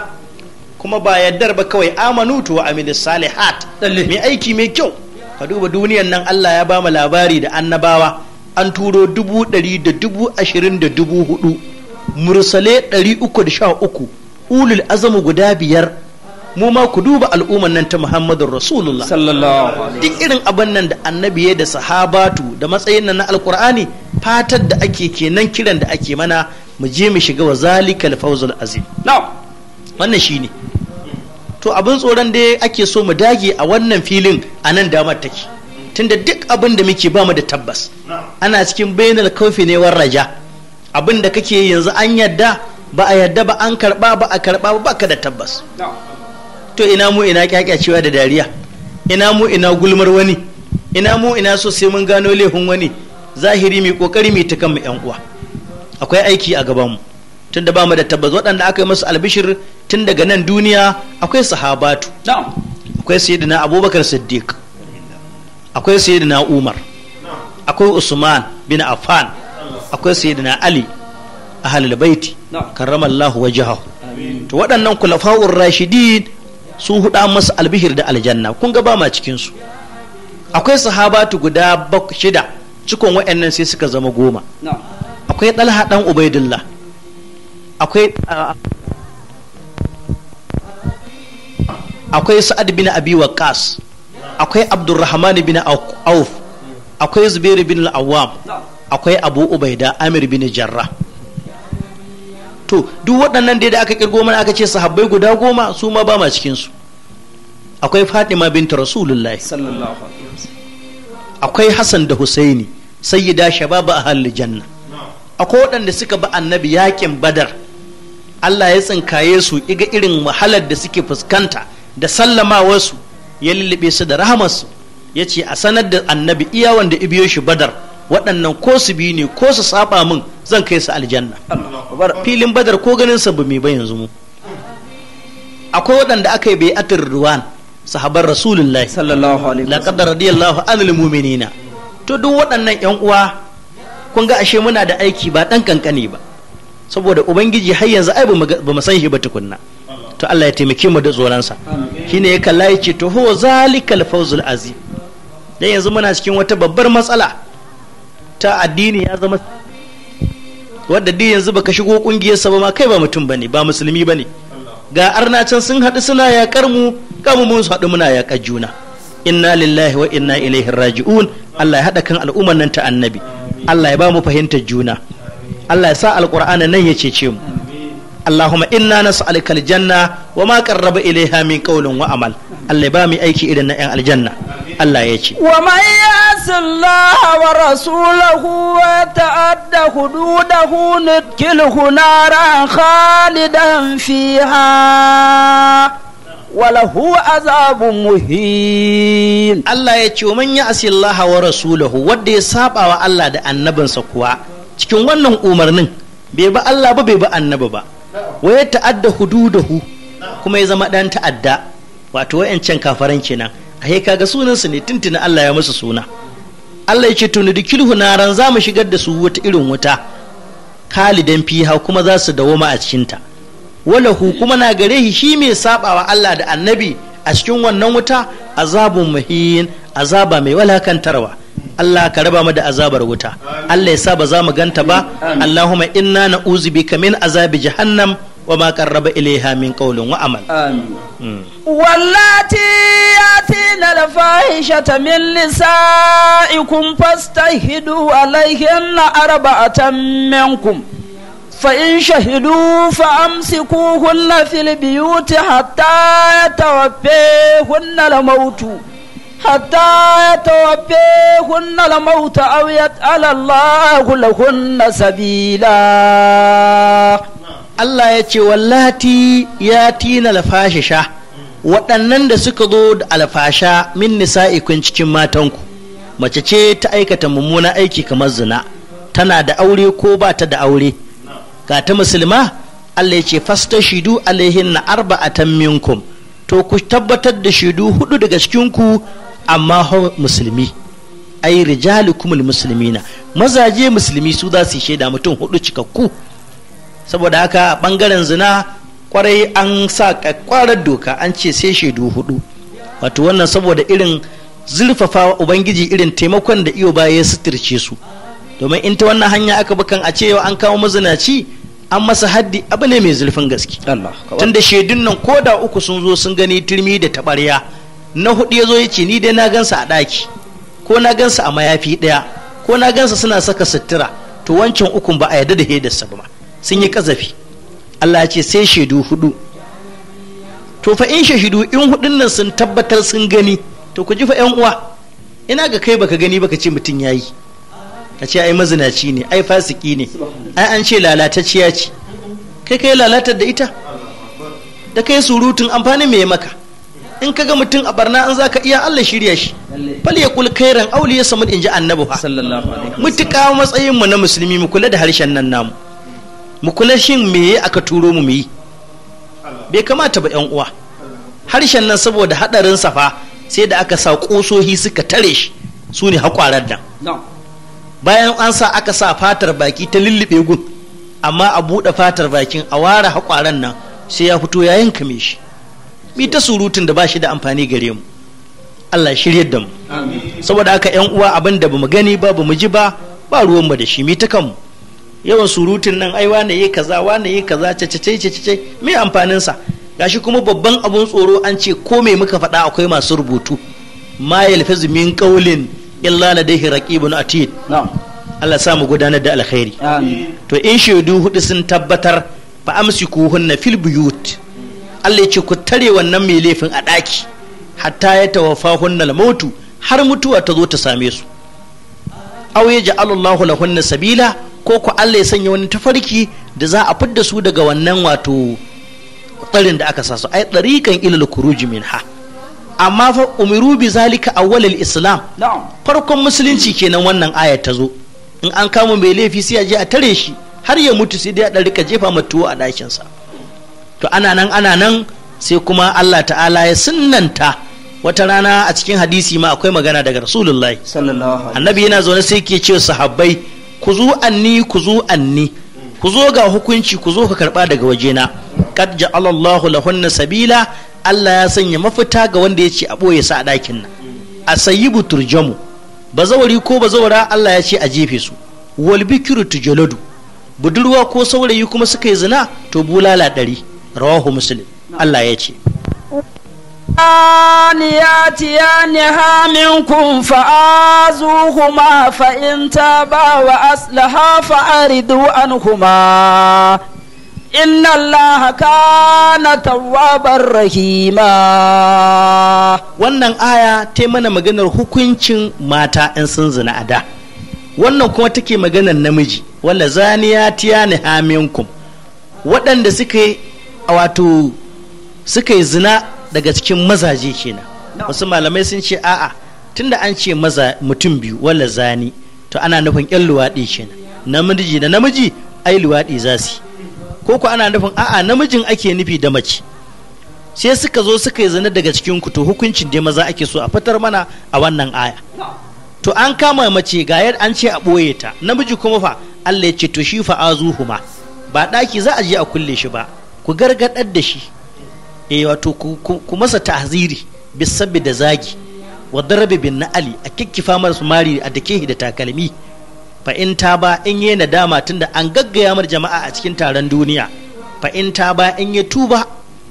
kuma ba yaddar ba kawai amanu tu wa amilis salihat mai aiki mai kyau ka duba duniyan nan Allah ya ba labari da annabawa an turo dubu ɗari da dubu ashirin da dubu hudu mursale ɗari uku da sha uku ulul azamu guda biyar mu ma ku duba al'ummar nan ta Muhammadu Rasulullah duk irin abin nan da annabi da sahabatu da matsayin nan na alkur'ani fatar da ake kenan kiran da ake mana mu je mu shiga wa zalikal fawzul azim wannan shine to abin tsoron da ake so mu dage a wannan filin a nan damar take tunda duk abin da muke bamu da tabbas ana cikin bainal kaufi ne war raja abin da kake yanzu an yarda ba a yarda ba an karba ba a karba ba ka da tabbas to ina mu ina kyakyacewa da dariya ina mu ina gulmar wani ina mu ina so sai mun gano laifin wani zahiri mai kokari mai tukan mu yan uwa akwai aiki a gabanmu tun da bamu da tabbas waɗanda aka yi musu albishir tun daga nan duniya akwai sahabatu akwai sayyidina abubakar siddiq akwai sayyidina umar akwai usman bin affan akwai sayyidina ali ahlul baiti karramallahu wajhahu to waɗannan kulafa'ur rashidin Sun huda masa albihir da aljanna kun ga ba ma cikin su akwai sahabatu guda shida cikon waɗannan sai suka zama goma akwai dalha dan ubaidullah akwai akwai sa'ad bin abi waqas akwai abdurrahman bin auf akwai zubair bin al-awwam akwai abu ubaida amir bin jarrah to duk waɗannan da aka kirgo mana aka ce sahabbai guda goma su ma ba ma cikin su akwai fatima binta rasulullahi akwai hassan da husaini sayyida shababa a halin janna akwai waɗanda suka ba annabi yakin badar allah ya tsinkaye su iga irin wahalar da suke fuskanta da sallamawarsu ya lullube su da rahamarsu ya ce a sanar da annabi iya wanda ibiyo shi badar waɗannan ko su biyu ne ko su saba min zan kai su aljanna filin badar ko ganin sa ba ba yanzu mu akwai waɗanda aka yi bai atir ruwan sahabar rasulullahi sallallahu alaihi laqad radiyallahu anil mu'minina to duk waɗannan ƴan uwa kun ga ashe muna da aiki ba dan kankani ba saboda ubangiji har yanzu ai ba mu san shi ba tukunna to Allah ya taimake mu da tsoronsa shine ya kalla ya ce to huwa zalikal fawzul azim dan yanzu muna cikin wata babbar matsala ta addini ya zama wadda dai yanzu baka shigo kungiyarsa ba ma kai ba mutum bane ba musulmi bane ga arna can sun haɗu suna yaƙar mu kamu mun haɗu muna yaƙar juna inna lillahi wa inna ilaihi raji'un Allah ya haɗa kan al'umman nan ta annabi Allah ya ba mu fahimtar juna Allah ya sa alqur'ana nan ya cece mu Allahumma inna nas'aluka aljanna wa ma qarraba ilaiha min qawlin wa amal Allah ya ba mu aiki irin na 'yan aljanna Allah ya ce wa man yasillaha wa rasulahu wa ta'adda hududahu na naran khalidan fiha walahu azabun muhin Allah ya ce wa man yi wa rasulahu wadda ya saba wa Allah da annabinsa kuwa cikin wannan umarnin bai ba Allah ba bai ba annabi ba wa ya ta'adda hududahu kuma ya zama dan ta'adda wato wayancan kafaran kenan ahe kaga sunansu ne tuntuni Allah ya musu suna Allah ya ce tuni na naran za mu shigar da su wata irin wuta khalidan fiha kuma za su dawo a cikinta walahu kuma na gare shi shi mai sabawa Allah da annabi a cikin wannan wuta azabun muhin azaba mai walakantarwa Allah ka raba mu da azabar wuta Allah ya sa ba za mu ganta ba Allahumma inna na'uzu bika min azabi jahannam وما قرب إليها من قول وعمل آمين واللاتي ياتين الفاحشة من نسائكم فاستشهدوا عليهن أربعة منكم فإن شهدوا فأمسكوهن في البيوت حتى يتوفيهن الموت حتى يتوفيهن الموت أو يتأل الله لهن سبيلا Allah ya ce wallati ya tina alfashisha waɗannan da suka zo da alfasha min nisa'ikun cikin matanku mace ce ta aikata mummuna aiki kamar zina tana da aure ko ba ta da aure ga ta musulma Allah ya ce shidu na alaihinna arba'atan minkum to ku tabbatar da shidu hudu daga cikinku amma musulmi ai rijalukumul na, mazaje musulmi su za su shaida mutum hudu cikakku saboda haka bangaren zina kwarai an sa kwarar doka an ce sai shaidu hudu wato wannan saboda irin zurfafa ubangiji irin taimakon da iyo baya ya suturce su domin in ta wannan hanya aka bakan a cewa an kawo mazinaci an masa haddi abu ne mai zurfin gaske tunda shaidun nan ko da uku sun zo sun gani turmi da tabarya na hudu ya zo ya ce ni dai na gansa a ɗaki ko na gansa a mayafi ɗaya ko na gansa suna saka sutura to wancan ukun ba a yarda da hedarsa ba sun yi kazafi Allah ya ce sai shaidu hudu to fa in shaidu in hudun nan sun tabbatar sun gani to ku ji fa yan uwa ina ga kai baka gani baka ce mutum yayi ka ce ai mazinaci ne ai fasiki ne ai an ce lalatacciya ce kai kai lalatar da ita da kai surutun amfani me maka in ka ga mutum a barna an zaka iya Allah shirya shi fal yaqul khairan awliya samud inji annabi mutuka matsayin mu na musulmi mu kula da harshen nan namu mu kula shin ya aka turo mu mu yi bai kamata ba yan uwa harshen nan saboda hadarin safa sai da aka sa ƙosohi suka tare shi su ne hakwarar nan bayan an sa aka sa fatar baki ta lullube gun amma a buɗe fatar bakin a ware hakwaran nan sai ya fito ya yanka me shi bi ta surutun da ba shi da amfani gare mu Allah shirye da mu saboda haka yan uwa abin da bamu gani ba bamu ji ba ba ruwan mu da shi mi ta kanmu yawan surutun nan ai wane yi kaza wane yi kaza cacece cacece me amfanin sa gashi kuma babban abun tsoro an ce ko me muka faɗa akwai masu rubutu ma yalfazu min qawlin illa ladayhi raqibun atid na'am Allah sa mu gudanar da alkhairi to in shaidu hudu sun tabbatar fa hunna fil buyut Allah ya ce ku tare wannan mai laifin a ɗaki hatta ya tawaffahunna al-mautu har mutuwa ta zo ta same su aw yaj'alullahu lahunna sabila ko ku Allah ya sanya wani tafarki da za a fidda su daga wannan wato tsarin da aka sasu ai tsarikan ilal kuruji min ha amma fa umiru bi zalika awwalal islam farkon musulunci kenan wannan aya ta zo in an kama mai laifi sai a je a tare shi har ya mutu sai dai a dan rika jefa matuwo a ɗakinsa. to ana nan ana nan sai kuma Allah ta'ala ya sunnanta wata rana a cikin hadisi ma akwai magana daga rasulullahi annabi yana zaune sai ke ce sahabbai ku zo anni ku zo anni ku zo ga hukunci ku zo ka karba daga wajena kad ja'alallahu lahunna sabila Allah ya sanya mafita ga wanda ya ce a ɓoye sa a ɗakin nan a sayi sayibu Ba zawari ko ba zawara Allah ya ce a jefe su wal bikiru tujaladu budurwa ko saurayi kuma suka yi zina to bulala ɗari rawahu muslim Allah ya ce ياتيانها منكم فآزوهما فإن تابا وأصلحا فأردوا عنهما إن الله كان توابا رحيما wannan aya ta mana maganar hukuncin mata in sun zina a da wannan kuma take maganar namiji wanda zaniya tiya ni haminkum waɗanda suka yi wato suka yi zina daga cikin mazaje kenan wasu malamai sun ce a'a tunda an ce maza mutum biyu wala zani to ana nufin yan luwaɗi kenan namiji da namiji ai luwaɗi za su ko ko ana nufin a'a namijin ake nufi da mace sai suka zo suka yi zane daga cikin ku to hukuncin dai maza ake so a fitar mana a wannan aya to an kama mace ga yar an ce a ɓoye ta namiji kuma fa Allah ya ce to shi fa azuhuma ba ɗaki za a je a kulle shi ba ku gargaɗar da shi E, wato ku masa tahziri bisabbi da zagi wa darabi bin na'ali a kikkifa masu mari a dake da takalmi fa in ta ba in yi nadama tunda an gaggaya mar jama'a a cikin taron duniya fa in ta ba in yi tuba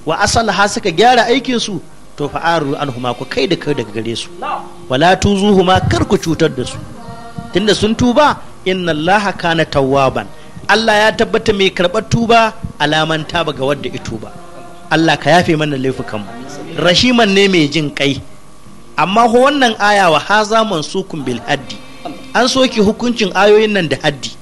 wa ha suka gyara aikinsu, su to fa aru an huma ku kai da kai daga gare su wala huma kar ku cutar da su tunda sun tuba inna allaha kana tawwaban Allah ya tabbata mai karɓar tuba alaman ba ga wadda ituba Allah ka yafe mana laifukan mu rahiman ne mai jin kai amma ho wannan aya wa haza mansukun bil haddi an soke hukuncin ayoyin nan da haddi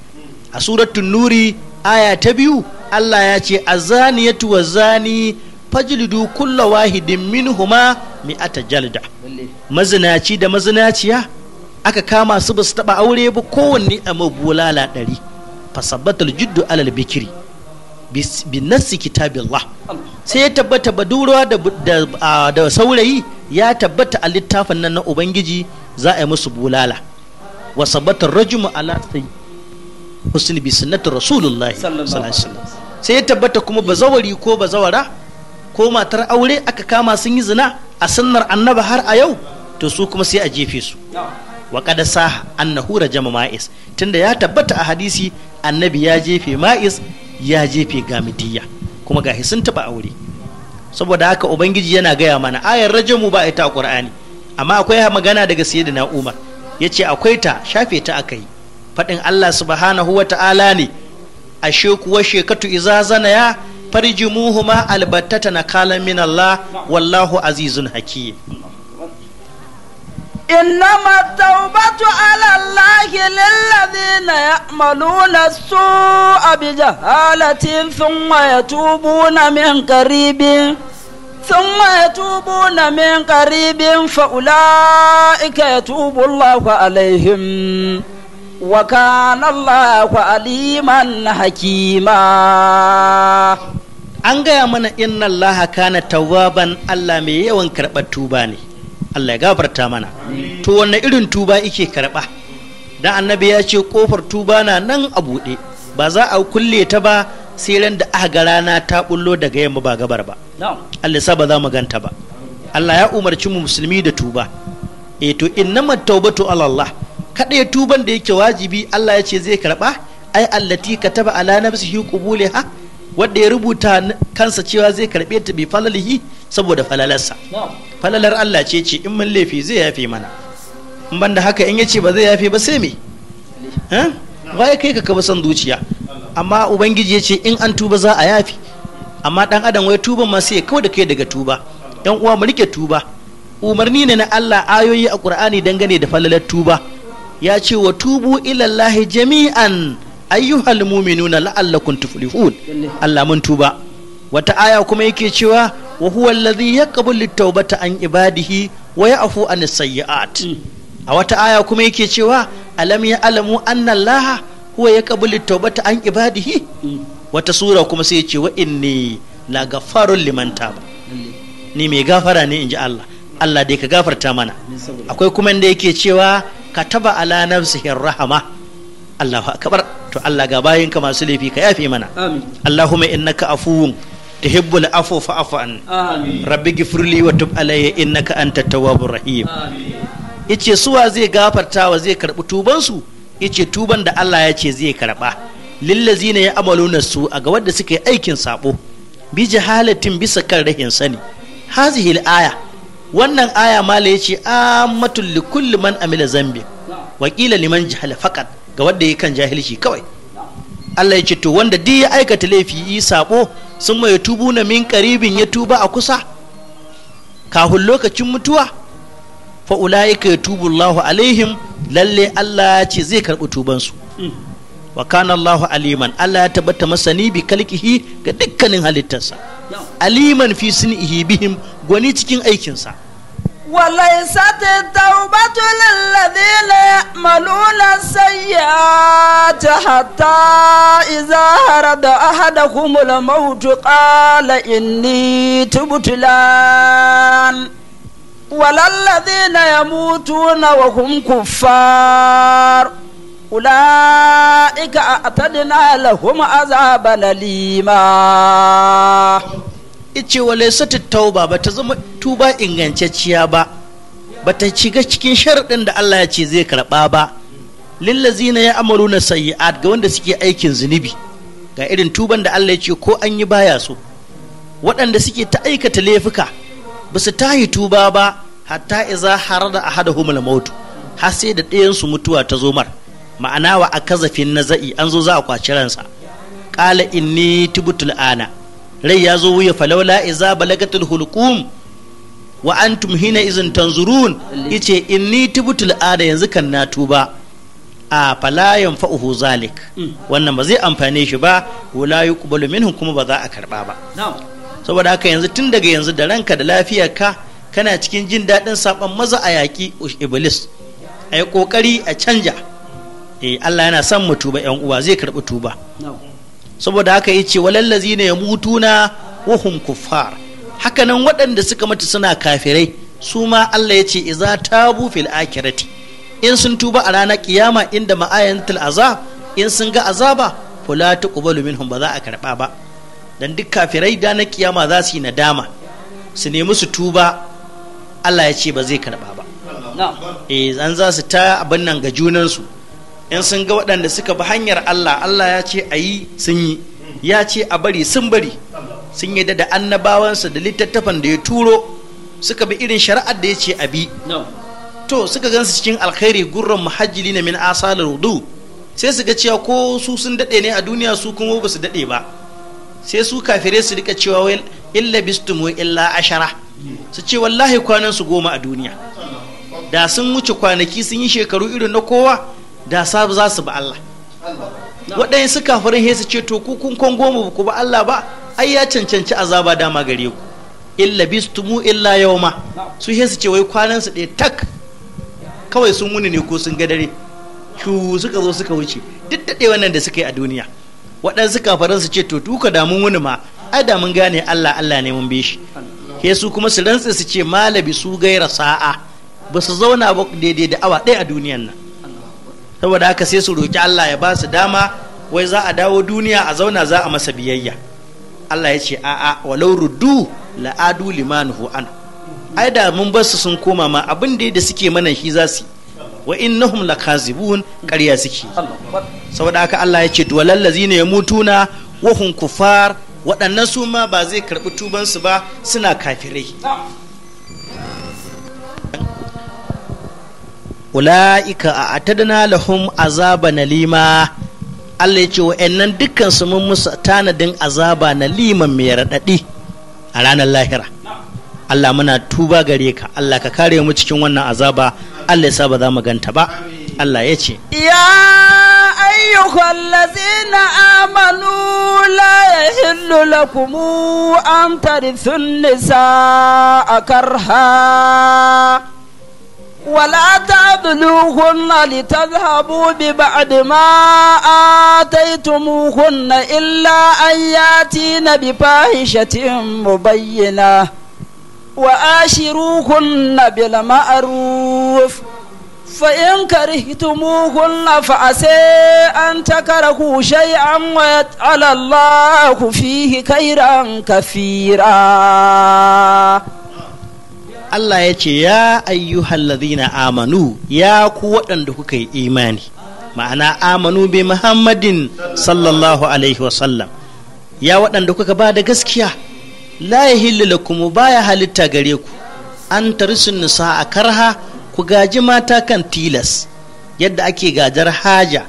a suratul nuri aya ta biyu Allah ya ce azaniyatu wa zani fajlidu kulla wahidin minhuma mi'ata jalda mazinaci da mazinaciya aka kama su ba su taba aure ba kowanne a mabulala ɗari fasabatul juddu alal bikiri bi nassi kitabillah sai ya tabbata badurwa da saurayi ya tabbata a littafin nan na ubangiji za a yi musu bulala wa sabbatar rajumu ala husni bi sunnatin rasulullahi sai ya tabbata kuma bazawari ko bazawara ko matar aure aka kama sun yi zina a sunnar annaba har a yau to su kuma sai a jefe su wa da saha hura jama ma'is tunda ya tabbata a hadisi annabi ya jefe ma'is ya jefe gamidiyya kuma ga sun taba aure saboda haka ubangiji yana gaya mana ayar rajamu ba ita a qur'ani amma akwai magana daga sayyidina umar ce akwai ta shafe ta akai faɗin Allah subhanahu wa ta'ala ne ashe kuwa shekatu iza zanaya farjumuhuma albattata na kalan minallah wallahu azizun hakim إنما التوبة على الله للذين يعملون السوء بجهالة ثم يتوبون من قريب ثم يتوبون من قريب فأولئك يتوب الله عليهم وكان الله عليما حكيما أنجا من إن الله كان توابا ألا Allah mai yawan Allah ya gafarta mana to wanne irin tuba yake karba dan annabi ya ce kofar tuba na nan a buɗe ba za a kulle ta ba sai ran da aka ga rana ta bullo daga yamma ba gabar ba Allah sa ba za mu ganta ba Allah ya umarci mu musulmi da tuba eh to innama tawbatu Allah kada tuban da yake wajibi Allah ya ce zai karba ai allati kataba ala nafsihi qubulaha wanda ya rubuta kansa cewa zai karbe ta bi falalihi saboda falalarsa falalar Allah ce ce in mun laifi zai yafe mana in ban da haka in ya ce ba zai yafe ba sai me waye kai ka kaba son zuciya amma ubangiji ya ce in an tuba za a yafi amma dan adam wai tuba ma sai kawai da kai daga tuba yan uwa mu rike tuba umarni ne na Allah ayoyi a Qur'ani dangane da falalar tuba ya ce wa tubu ilallahi jami'an ayyuhal almu'minuna la'allakum tuflihun Allah mun tuba wata aya kuma yake cewa wa huwa alladhi yaqbalu at-taubata an ibadihi wa ya'fu an sayyi'at a wata aya kuma yake cewa alam ya'lamu anna Allah huwa yaqbalu at-taubata an ibadihi wata sura kuma sai ce wa inni la gafarun liman taba ni mai gafara ne inji Allah Allah dai ka gafarta mana akwai kuma inda yake cewa ka ala nafsihi rahama Allahu akbar to Allah ga ka masu laifi ka yafe mana Amin. Allahumma innaka afuwun tuhibbul afu fa'fu an rabbi ghfirli wa tub alayya innaka antat tawwabur rahim yace suwa zai gafarta wa zai karbi tuban su yace tuban da Allah ya ce zai karba lillazina ya amaluna su a ga wanda suke aikin sabo bi jahalatin bisa kan rahin sani hazihi aya wannan aya mala yace amatul likulli man amila zambi wakila liman jahala faqat ga wanda ya kan jahilci kawai Allah ya ce to wanda duk ya aikata laifi yi sabo sun mai tubu na min karibin ya tuba a kusa kahun lokacin mutuwa fa ulaika yatubu Allahu alaihim lalle Allah ya ce zai karbi tubansu wa kana Allahu aliman Allah ya tabbata masani bi kalkihi ga dukkanin halittarsa aliman fi sunihi bihim gwani cikin aikinsa وليست التوبة للذين يعملون السيئات حتى إذا هرد أحدهم الموت قال إني تبتلان الآن ولا الذين يموتون وهم كفار أولئك أعتدنا لهم عذابا أليما ce wa laisatu tauba ba ta zama tuba ingantacciya ba ba ta shiga cikin sharaɗin da Allah ya ce zai karɓa ba lillazina ya amaru na sayi'at ga wanda suke aikin zunubi ga irin tuban da Allah ya ce ko an yi baya so waɗanda suke ta aikata laifuka ba su tahi tuba ba hatta iza hada ahaduhumul mautu har sai da ɗayan su mutuwa ta zo mar ma'ana wa a kazafin na za'i an zo za a kwaci ransa ƙala inni tubutul ana rai ya zo wuya falaula iza balagatul hulqum wa antum hina izin tanzurun in ni tubtul ada yanzu kan na tuba a fala yanfa'uhu zalik mm. wannan ba zai amfane shi ba wala yuqbalu minhum kuma ba za a karba ba saboda haka yanzu tun daga yanzu da ranka da lafiyar ka, kana cikin jin daɗin saban maza a yaƙi iblis a yi a canja eh Allah yana son mu tuba yan uwa zai karɓi tuba saboda haka ya ce walallazi ne ya mutu na wuhun kuffar hakanan waɗanda suka mutu suna kafirai su ma Allah ya ce iza ta fil akirati in sun tuba a ranar kiyama inda ma'ayan azab in sun ga azaba fula tuqbalu minhum ba za a karɓa ba dan duk kafirai da na kiyama za su yi nadama su nemi su tuba Allah ya ce ba zai karɓa ba eh an za su ta abin nan ga junansu in sun ga waɗanda suka bi hanyar Allah Allah ya ce a yi sun yi ya ce a bari sun bari sun yi da annabawansa da littattafan da ya turo suka bi irin shari'ar da ya ce a bi to suka gansu cikin alkhairi gurran muhajjili na min asalar wudu sai su ga cewa ko su sun daɗe ne a duniya su kuma ba su daɗe ba sai su kafirai su rika cewa wai illa bistumu illa ashara su ce wallahi kwanan su goma a duniya da sun wuce kwanaki sun yi shekaru irin na kowa da sabu za su ba Allah waɗanda suka farin hesu ce to ku kun kon ba ku ba Allah ba ai ya cancanci azaba dama gare ku illa bistumu illa yauma su hesu ce wai kwanan su ɗaya tak kawai sun wuni ne ko sun ga dare shu suka zo suka wuce duk daɗe wannan da suka yi a duniya waɗansu kafaran su ce to tuka damu mun ma ai da mun gane Allah Allah ne mun bi shi hesu kuma su rantsa su ce malabi su gaira sa'a ba su zauna ba daidai da awa ɗaya a duniyan nan saboda haka sai su roki Allah ya ba su dama wai za a dawo duniya a zauna za a masa biyayya Allah ya ce a'a walau ruddu la'adu limanuhu an ai da mun bar su sun koma ma abin da da suke mana shi za su wa innahum lakazibun ƙarya suke saboda haka Allah ya ce duwalal lazina yamutuna wa hum kufar waɗannan su ma ba zai karɓi tubansu ba suna kafirai ula'ika a atadana lahum azaba lima. Allah ya ce wa'annan dukkan su mun musu tanadin azaba na liman mai raɗaɗi a ranar lahira Allah muna tuba gare ka Allah ka kare mu cikin wannan azaba Allah ya sa ba za mu ganta ba Allah ya ce ya ayyukan lazina amanu la yahillu lakum an tarithun nisa a karha ولا تعذلوهن لتذهبوا ببعد ما آتيتموهن إلا أن ياتين بفاحشة مبينة وآشروهن بالمعروف فإن كرهتموهن فعسى أن تكرهوا شيئا ويجعل الله فيه خيرا كثيرا Allah ya ce ya ayyuhallazina amanu ya ku waɗanda kuka yi imani ma'ana amanu bai muhammadin sallallahu alaihi wasallam ya waɗanda kuka ba da gaskiya la yahillu ba ya halitta gare ku an tarisun nisa a karha ku gaji mata kan tilas yadda ake gajar haja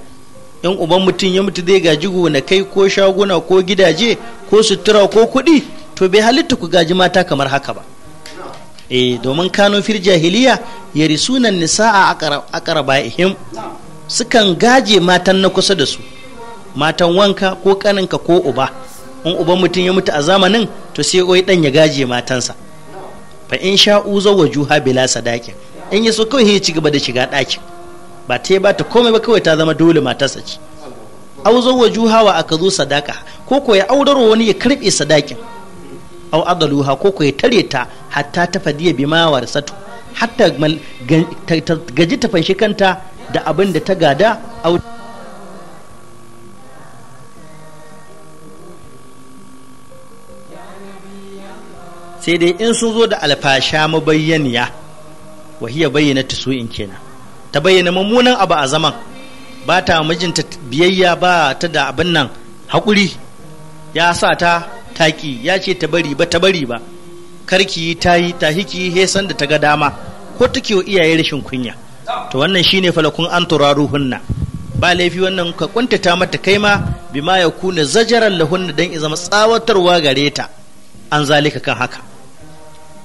in uban mutum ya mutu zai gaji kai ko shaguna ko gidaje ko sutura ko kuɗi to bai halitta ku gaji mata kamar haka ba E domin kano fil jahiliya yarisunan nisaa aqrabaihim sukan gaje matan na kusa da su matan wanka ko kaninka ko uba in uban mutum ya mutu a zamanin to sai oi dan ya gaje matansa fa in sha'u juha bila sadakin in ya so kawai ya ci gaba da shiga ɗakin ba ta ba ta komai ba kawai ta zama dole matarsa ce auzo wa wa aka zo sadaka ko ko ya audaro wani ya karɓe sadakin au adalu ha ko ya tare ta hatta ta fadiya bima warsatu hatta gaji ta fanshi kanta da abin da ta gada au sai dai in sun zo da alfasha mabayyaniya wahiya bayyana ta su in kenan ta bayyana mummunan abu a zaman ba ta mijinta biyayya ba ta da abin nan haƙuri ya sa ta taki ya ce ta bari ba ta bari ba karki ta yi ta hiki hesan da ta ga dama ko take wa iyaye rashin kunya to wannan shine falakun an turaruhunna ba laifi wannan ka kuntata mata kai ma bima ya kuna zajaran lahunna dan izama tsawatarwa gare ta an zalika kan haka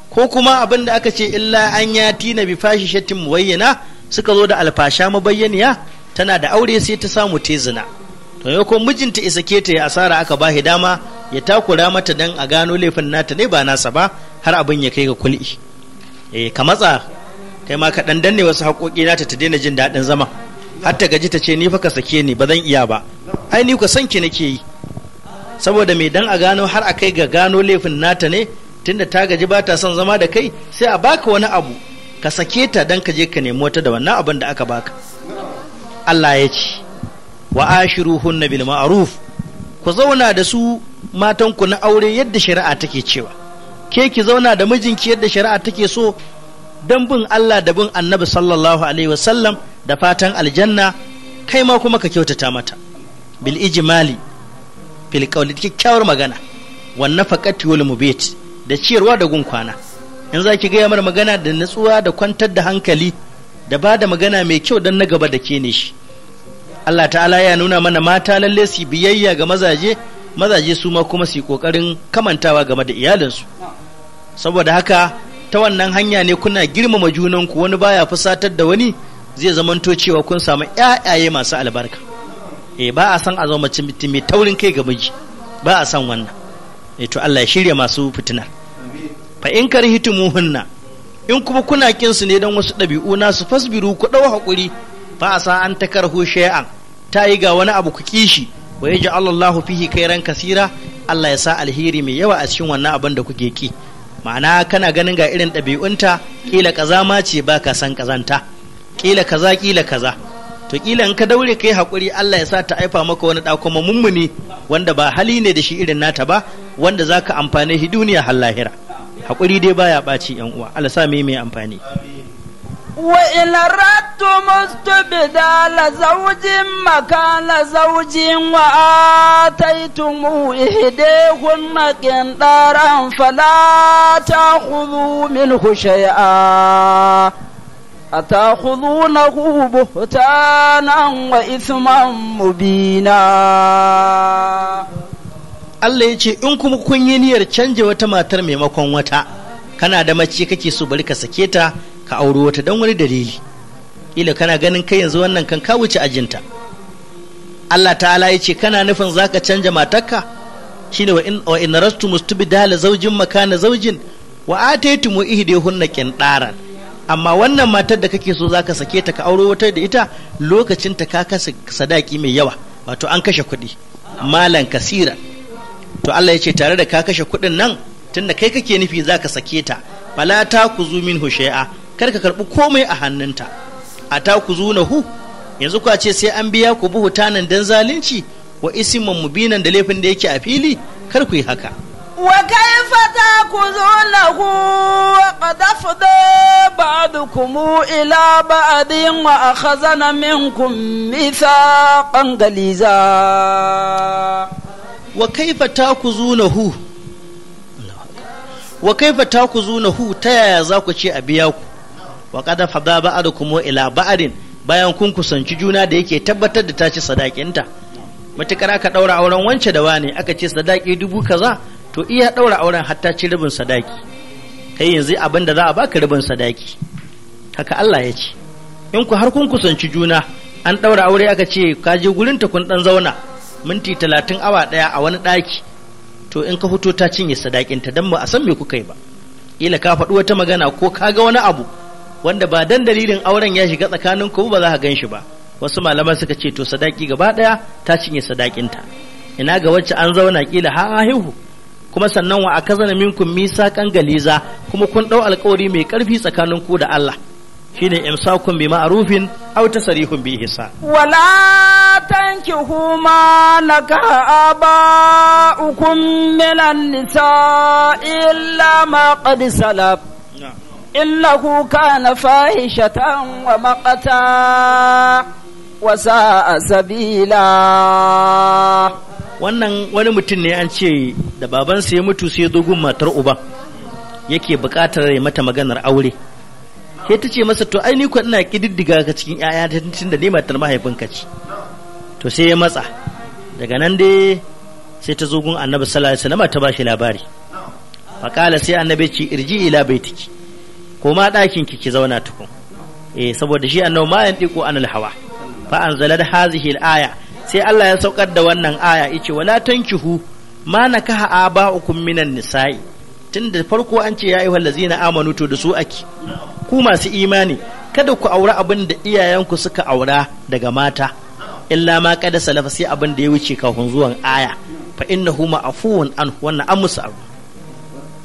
ko kuma abin da aka ce illa an ya na bi fashi shatin muwayyana suka zo da alfasha mabayyaniya tana da aure sai ta samu tezina zina ko mijinta isa ta ya asara aka bashi dama ya takura mata dan a gano laifin nata ne ba nasa ba har abin ya kai ga kul'i eh ka matsa kai ma ka dan danne wasu haƙoƙi nata ta daina jin daɗin zama har ta gaji ta ce ni fa ka sake ni ba zan iya ba ai ni ku san ki nake yi saboda me dan a gano har a kai ga gano laifin nata ne tunda ta gaji ba ta son zama da kai sai a baka wani abu ka sake ta dan ka je ka nemi wata da wannan abin da aka baka Allah ya ce wa ashiruhunna bil ma'ruf ku zauna da su matan na aure yadda shari'a take cewa ke ki zauna da mijinki yadda shari'a take so dan bin Allah da bin Annabi sallallahu alaihi wasallam da fatan aljanna kai ma kuma ka kyautata mata bil ijmali fil qawli kyakkyawar magana wa nafaqati wal mubit da ciyarwa da gunkwana in za ki gaya yamar magana da natsuwa da kwantar da hankali da bada magana mai kyau dan na gaba da ke ne shi Allah ta'ala ya nuna mana mata lalle su biyayya ga mazaje mazaje su ma kuma su kokarin kamantawa game da iyalinsu saboda haka ta wannan hanya ne kuna girmama junanku wani baya fusatar da wani zai zamanto cewa kun samu ƴaƴaye masu albarka eh ba a san a zama mace mai taurin kai ga miji ba a san wannan eh to Allah ya shirya masu fitinar fa in karhitumuhunna in kuma kuna kin ne dan wasu ɗabi'u nasu fasbiru ku ɗau hakuri fa sa an takarhu shay'an ta yi ga wani abu ku kishi wa ji Allahu fihi khairan kasira Allah ya sa alheri mai yawa a cikin wannan abin da kuke ki ma'ana kana ganin ga irin ɗabi'unta ƙila kaza ma ce ba ka san kazanta kila kaza kila kaza to kila in ka daure kai hakuri Allah ya sa ta aifa maka wani ɗa mummuni wanda ba hali ne da shi irin nata ba wanda zaka amfani shi duniya har lahira hakuri dai baya ɓaci yan uwa Allah sa mai mai amfani وإن أردتم استبدال زوج مكان زوج وآتيتم إحديهن قنطارا فلا تأخذوا منه شيئا أتأخذونه بهتانا وإثما مبينا Allah ya ce in kuma kun yi niyyar canja wata matar maimakon wata kana da mace kake so bari ka sake ta ka auri wata dan wani dalili ila kana ganin kai yanzu wannan kan ka wuce ajinta Allah ta'ala ya ce kana nufin zaka canja matarka shine wa in wa in rastum zaujin zawjin makana zawjin wa ataytum hunna qintaran amma wannan matar da kake so zaka sake ta ka auro wata da ita lokacin ta ka kasa sadaki mai yawa wato an kashe kuɗi malan kasira to Allah ya ce tare da ka kashe kuɗin nan tunda kai kake nufi zaka sake ta fala ta kuzu min kar ka karɓi komai a hannunta a ta ku zuna hu yanzu ku ce sai an biya ku buhutanan dan zalunci wa mu mubinan da laifin da yake a fili kar ku yi haka wa kaifa ta ku zuna hu wa qadafu ba'dukum ila ba'din wa akhazana minkum mithaqan galiza wa kaifa ta ku zuna hu wa kaifa ta ku zuna hu ta yaya za ku ce a biya ku wa kada fada ba'dukum ila ba'adin bayan kun kusanci juna da yake tabbatar da tashi sadakinta matukar aka daura auren wance da wane aka ce sadaki dubu kaza to iya daura auren hatta ci rubin sadaki kai yanzu abin za a baka rubin sadaki haka Allah ya ce in ku har kun kusanci juna an daura aure aka ce ka je gurin ta kun dan zauna minti talatin awa daya a wani daki to in ka fito ta cinye sadakinta dan ba a san me kuka yi ba ila ka faɗi wata magana ko ka ga wani abu wanda ba dan dalilin auren ya shiga tsakanin ku ba za ka gan shi ba wasu malaman suka ce to sadaki gaba daya ta cinye sadakinta ina ga wacce an zauna kila ha hihu kuma sannan wa akazana minkum kan galiza kuma kun dau alƙawari mai karfi tsakanin ku da Allah shine imsakun bi ma'rufin aw tasrihun bi hisa. wala tankihu ma naka ukum minan nisa illa ma qad salaf إنه كان فاحشة ومقتا وساء سبيلا wannan wani mutum ne an ce da babansa ya mutu sai dogon matar uban yake buƙatar ya mata maganar aure sai ta ce masa to ai ni ko ina kididdiga ka cikin ƴaƴa ta tun da ni matar mahaifinka ce to sai ya matsa daga nan dai sai ta zo gun annabi sallallahu alaihi wasallam ta bashi labari faqala sai annabi ce irji ila baitiki koma ɗakin ki ki zauna tukun eh saboda shi annabi ma yan diko anil hawa fa anzalat hazihi al-aya sai Allah ya saukar da wannan aya yace wala tankihu ma nakaha aba'ukum minan nisa'i tunda farko an ce ya ayyuhal ladzina amanu to da su ake ku masu imani kada ku aura abin da iyayenku suka aura daga mata illa ma kada salafa sai abin da ya wuce kafin zuwan aya fa innahu ma'afuwan an wannan an musu abu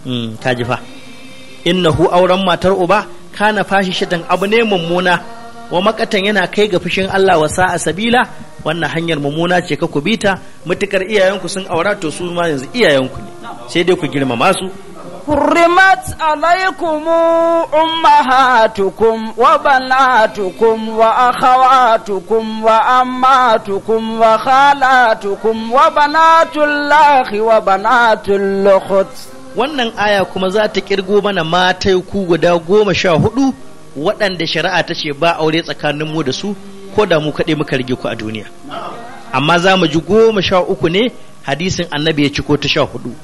hmm, kaji fa innahu auren matar uba kana fashi shatan abu ne mummuna wa makatan yana kai ga fushin Allah wa sa'a sabila wannan hanyar mummuna ce ka ku bita mutukar iyayenku sun aura to su ma yanzu iyayenku ne sai dai ku girmama su حرمت عليكم أمهاتكم وبناتكم وأخواتكم وأماتكم وخالاتكم وبنات الله وبنات الأخت wannan aya kuma za ta kirgo mana mataiku guda goma sha hudu waɗanda shari'a ta ce ba aure tsakanin mu da su ko da mu kaɗai muka rige ku a duniya amma za mu ji goma sha uku ne hadisin annabi ya ciko ta sha hudu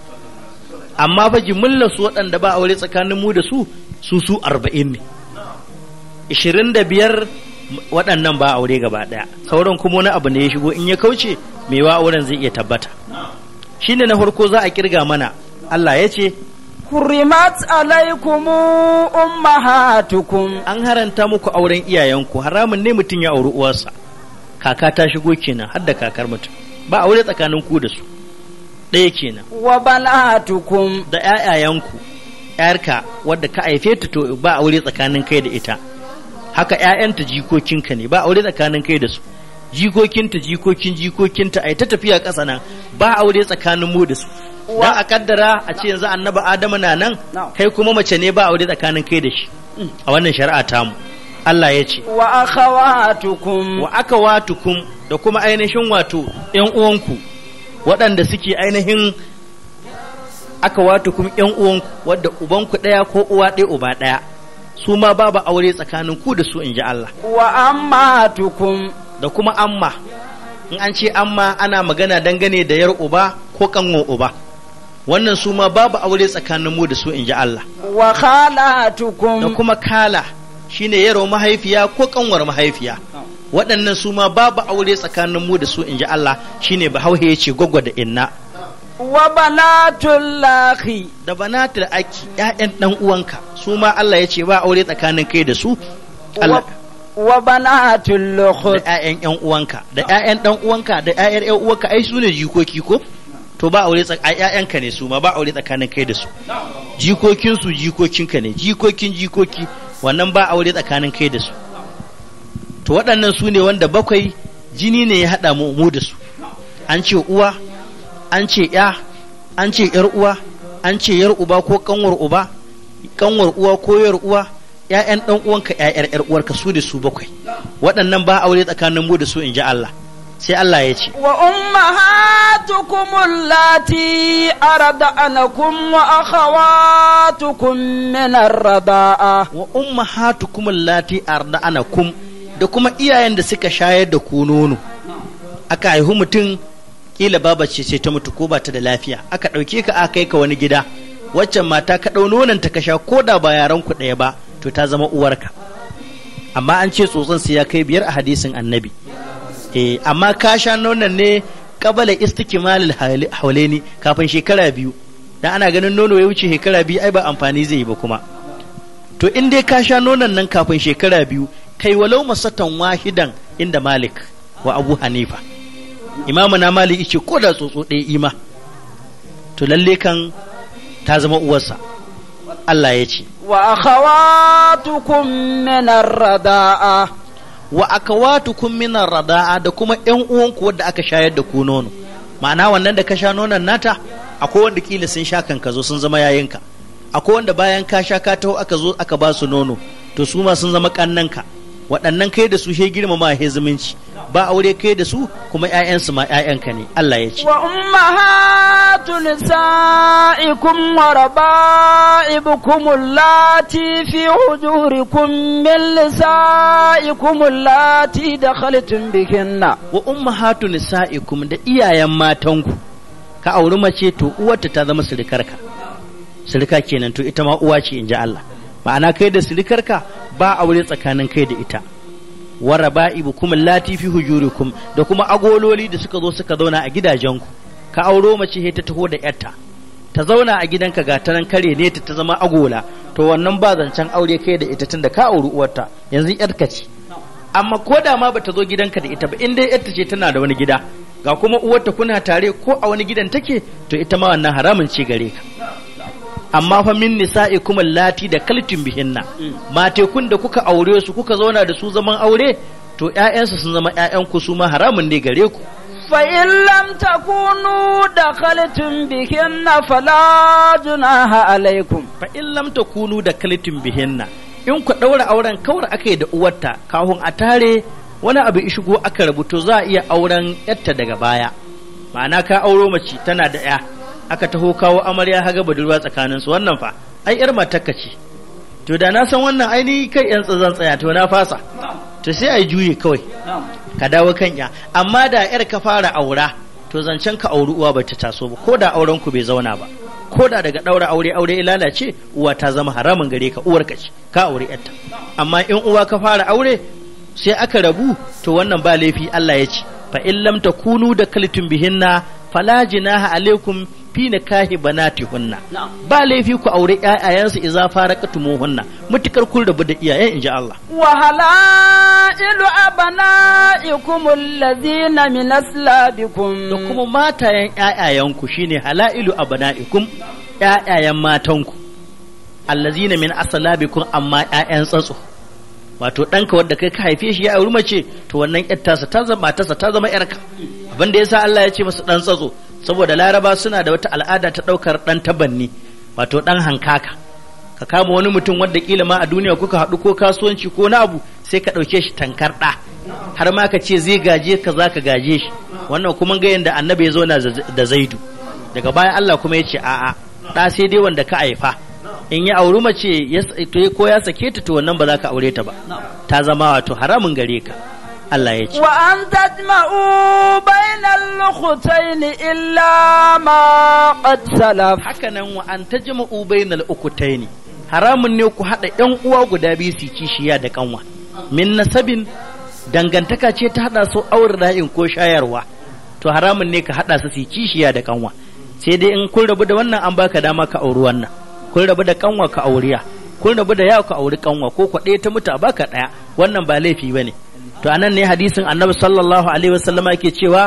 amma fa jimillar su waɗanda ba aure tsakanin mu da su su su arba'in ne ishirin da biyar waɗannan ba aure gaba ɗaya sauran kuma wani abu ne ya shigo in ya kauce mai wa auren zai iya tabbata shine na farko za a kirga mana Allah ya ce hurimat alaikum ummahatukum an haranta muku auren iyayenku haramun ne mutum ya auri uwarsa kaka ta shigo kenan har da kakar mutum ba aure tsakanin ku da su ɗaya kenan wa balatukum da ‘ya’yayenku, 'yarka wadda ka haife ta to ba aure tsakanin kai da ita haka 'ya'yanta jikokinka ne ba aure tsakanin kai da su jikokinta jikokin jikokinta ai ta tafiya ƙasa nan ba aure tsakanin mu da su dan a kaddara a ce yanzu annaba adamu na nan kai kuma mace ne ba aure tsakanin kai da shi mm. a wannan shari'a tamu Allah ya ce wa akhawatukum wa akhawatukum da kuma ainihin wato ƴan uwanku waɗanda suke ainihin akhawatukum ƴan uwanku wadda ubanku ɗaya ko uwa ɗaya uba ɗaya su ma babu aure tsakanin ku da su in ji Allah wa ammatukum da kuma amma in an ce amma ana magana dangane da yar uba ko kanwa uba wannan su ma babu aure tsakanin mu da su in ji Allah wa tukun. da kuma kala shine yaro mahaifiya ko kanwar mahaifiya waɗannan su ma babu aure tsakanin mu da su in ji Allah shi ne bahauhe ya ce gwagwa da inna wa banatul lahi da banatul aki ƴaƴan dan uwanka su ma Allah ya ce ba aure tsakanin kai da su Allah wa banatul lukhut da ƴaƴan ƴan uwanka da ƴaƴan dan uwanka da ƴaƴan ƴan uwanka ai su ne jikoki ko to ba aure ƴaƴanka ne su ma ba aure tsakanin kai da su jikokin su jikokinka ne jikokin jikoki wannan ba aure tsakanin kai da su to waɗannan su ne wanda bakwai jini ne ya haɗa mu mu da su an ce uwa an ce ƴa an ce yar uwa an ce yar uba ko kanwar uba kanwar uwa ko yar uwa ƴaƴan ɗan uwanka ƴaƴar ƴar uwarka su da su bakwai waɗannan ba aure tsakanin mu da su in ji Allah sai Allah ya ce wa ummahatukum allati arda'anakum wa akhawatukum min arda'a wa ummahatukum allati arda'anakum da kuma iyayen da suka shayar da ku nono aka haihu mutum kila baba ce sai ta mutu ko ba ta da lafiya aka ɗauke ka aka kai ka wani gida waccan mata ka dau nonon ta ka sha ko da ba yaran ku daya ba to ta zama uwarka amma an ce tsotson sai ya kai biyar a hadisin annabi eh amma ka sha nonon ne kabala istikmalil haulaini kafin shekara biyu dan ana ganin nono ya wuce shekara biyu ai ba amfani zai yi ba kuma to in dai ka sha nonon nan kafin shekara biyu kai walau masatan wahidan inda malik wa abu hanifa imamu na malik yace ko da tsotso ɗaya ima to lalle kan ta zama uwarsa Allah ya ce wa akhawatukum min ar-rada'a wa akawatukum kun ar-rada'a da kuma ƴan uwanku wadda aka shayar da ku nono ma'ana wannan da ka sha nonon nata akwai wanda kila sun sha kanka ka zo sun zama yayinka akwai wanda bayan ka sha ka taho aka zo aka ba su nono to su ma sun zama kannanka waɗannan kai da su shi girmama he zumunci ba aure kai da su kuma ƴaƴansu ma ƴaƴanka ne Allah ya ce wa ummahatu nisaikum wa rabaibukum allati fi min nisaikum allati dakhaltum bihinna wa ummahatu nisaikum da iyayen matanku ka auri mace to uwarta ta zama sirikarka sirika kenan to ita ma uwa ce in ji Allah ma'ana kai da silikarka ba aure tsakanin kai da ita wa kuma latifi latifi hujurikum da kuma agololi da suka zo suka zauna a gidajenku ka auro mace ta taho da yarta ta zauna a gidanka ga ta nan kare ne ta zama agola to wannan ba zancen aure kai da ita tunda ka auri uwarta yanzu yarka ce amma ko da ma bata zo gidanka da ita ba in dai yarta ce tana da wani gida ga kuma uwarta kuna tare ko a wani gidan take to ita ma wannan haramun ce gare ka amma fa min nisa'ikum allati da kaltin bihinna mm. matekun da kuka aure su kuka zauna da su zaman aure to ƴaƴansu sun zama ƴaƴan ku su ma haramun ne gare ku fa in lam takunu da kaltin bihinna fala junaha alaikum fa in lam takunu da kaltin bihinna in ku daura auren kawar yi da uwarta kahun a tare wani abu shigo aka rubuto za a iya auren yatta daga baya ma'ana ka auro mace tana da ƴa aka taho kawo amarya haga budurwa tsakanin su wannan fa ai yar matakka ce to da na san wannan ai kai yan tsazan tsaya to na fasa to sai ai juye kawai ka dawo kan ya amma da yar ka fara aura to zancen ka auri uwa bata taso ba ko da auren ku bai zauna ba ko da daga daura aure aure ce uwa ta zama haramun gare ka uwar ka ce ka aure yarta amma in uwa ka fara aure sai aka rabu to wannan ba laifi Allah ya ce fa in lam takunu da kalitun bihinna fala jinaha alaikum fi na kahi banati hunna ba laifi ku aure ƴaƴayensu idza faraqatumu hunna mutukar kul rabu da iyaye inji Allah wa halailu abanaikum alladhina min aslabikum da kuma matayen ƴaƴayenku shine halailu abanaikum ƴaƴayen matanku allazina min aslabikum amma ƴaƴan tsatso wato ɗanka wadda kai ka haife shi ya auri mace to wannan ƴar tasa ta zama matarsa ta zama ƴarka abin da yasa Allah ya ce masa ɗan tsatso saboda laraba suna da wata al'ada ta ɗaukar ɗan tabanni wato ɗan hankaka ka kama wani mutum wanda kila ma a duniya kuka haɗu ko kasuwanci ko na abu sai ka ɗauke shi tankar ɗa har ma ka ce zai gaje ka za ka gaje shi wannan kuma ga yadda annabi ya zauna da zaidu daga baya Allah kuma ya ce a'a ɗa sai dai wanda ka haifa in ya auri mace ko ya sake ta to wannan ba za ka aure ta ba ta zama wato haramun gare ka Allah ya ce wa an tajma'u bainal lukutain illa ma qad salaf haka nan wa an tajma'u bainal ukutaini haramun ne ku hada yan uwa guda biyu su kishiya da kanwa min nasabin dangantaka ce ta hada su aure ra'in ko shayarwa to haramun ne ka hada su su kishiya da kanwa sai dai in kun rabu da wannan an baka dama ka auri wannan kun rabu da kanwa ka auriya kun rabu da yawa ka auri kanwa ko kwaɗe ta mutu a baka ɗaya wannan ba laifi ba ne to anan ne hadisin annabi sallallahu alaihi wasallama yake cewa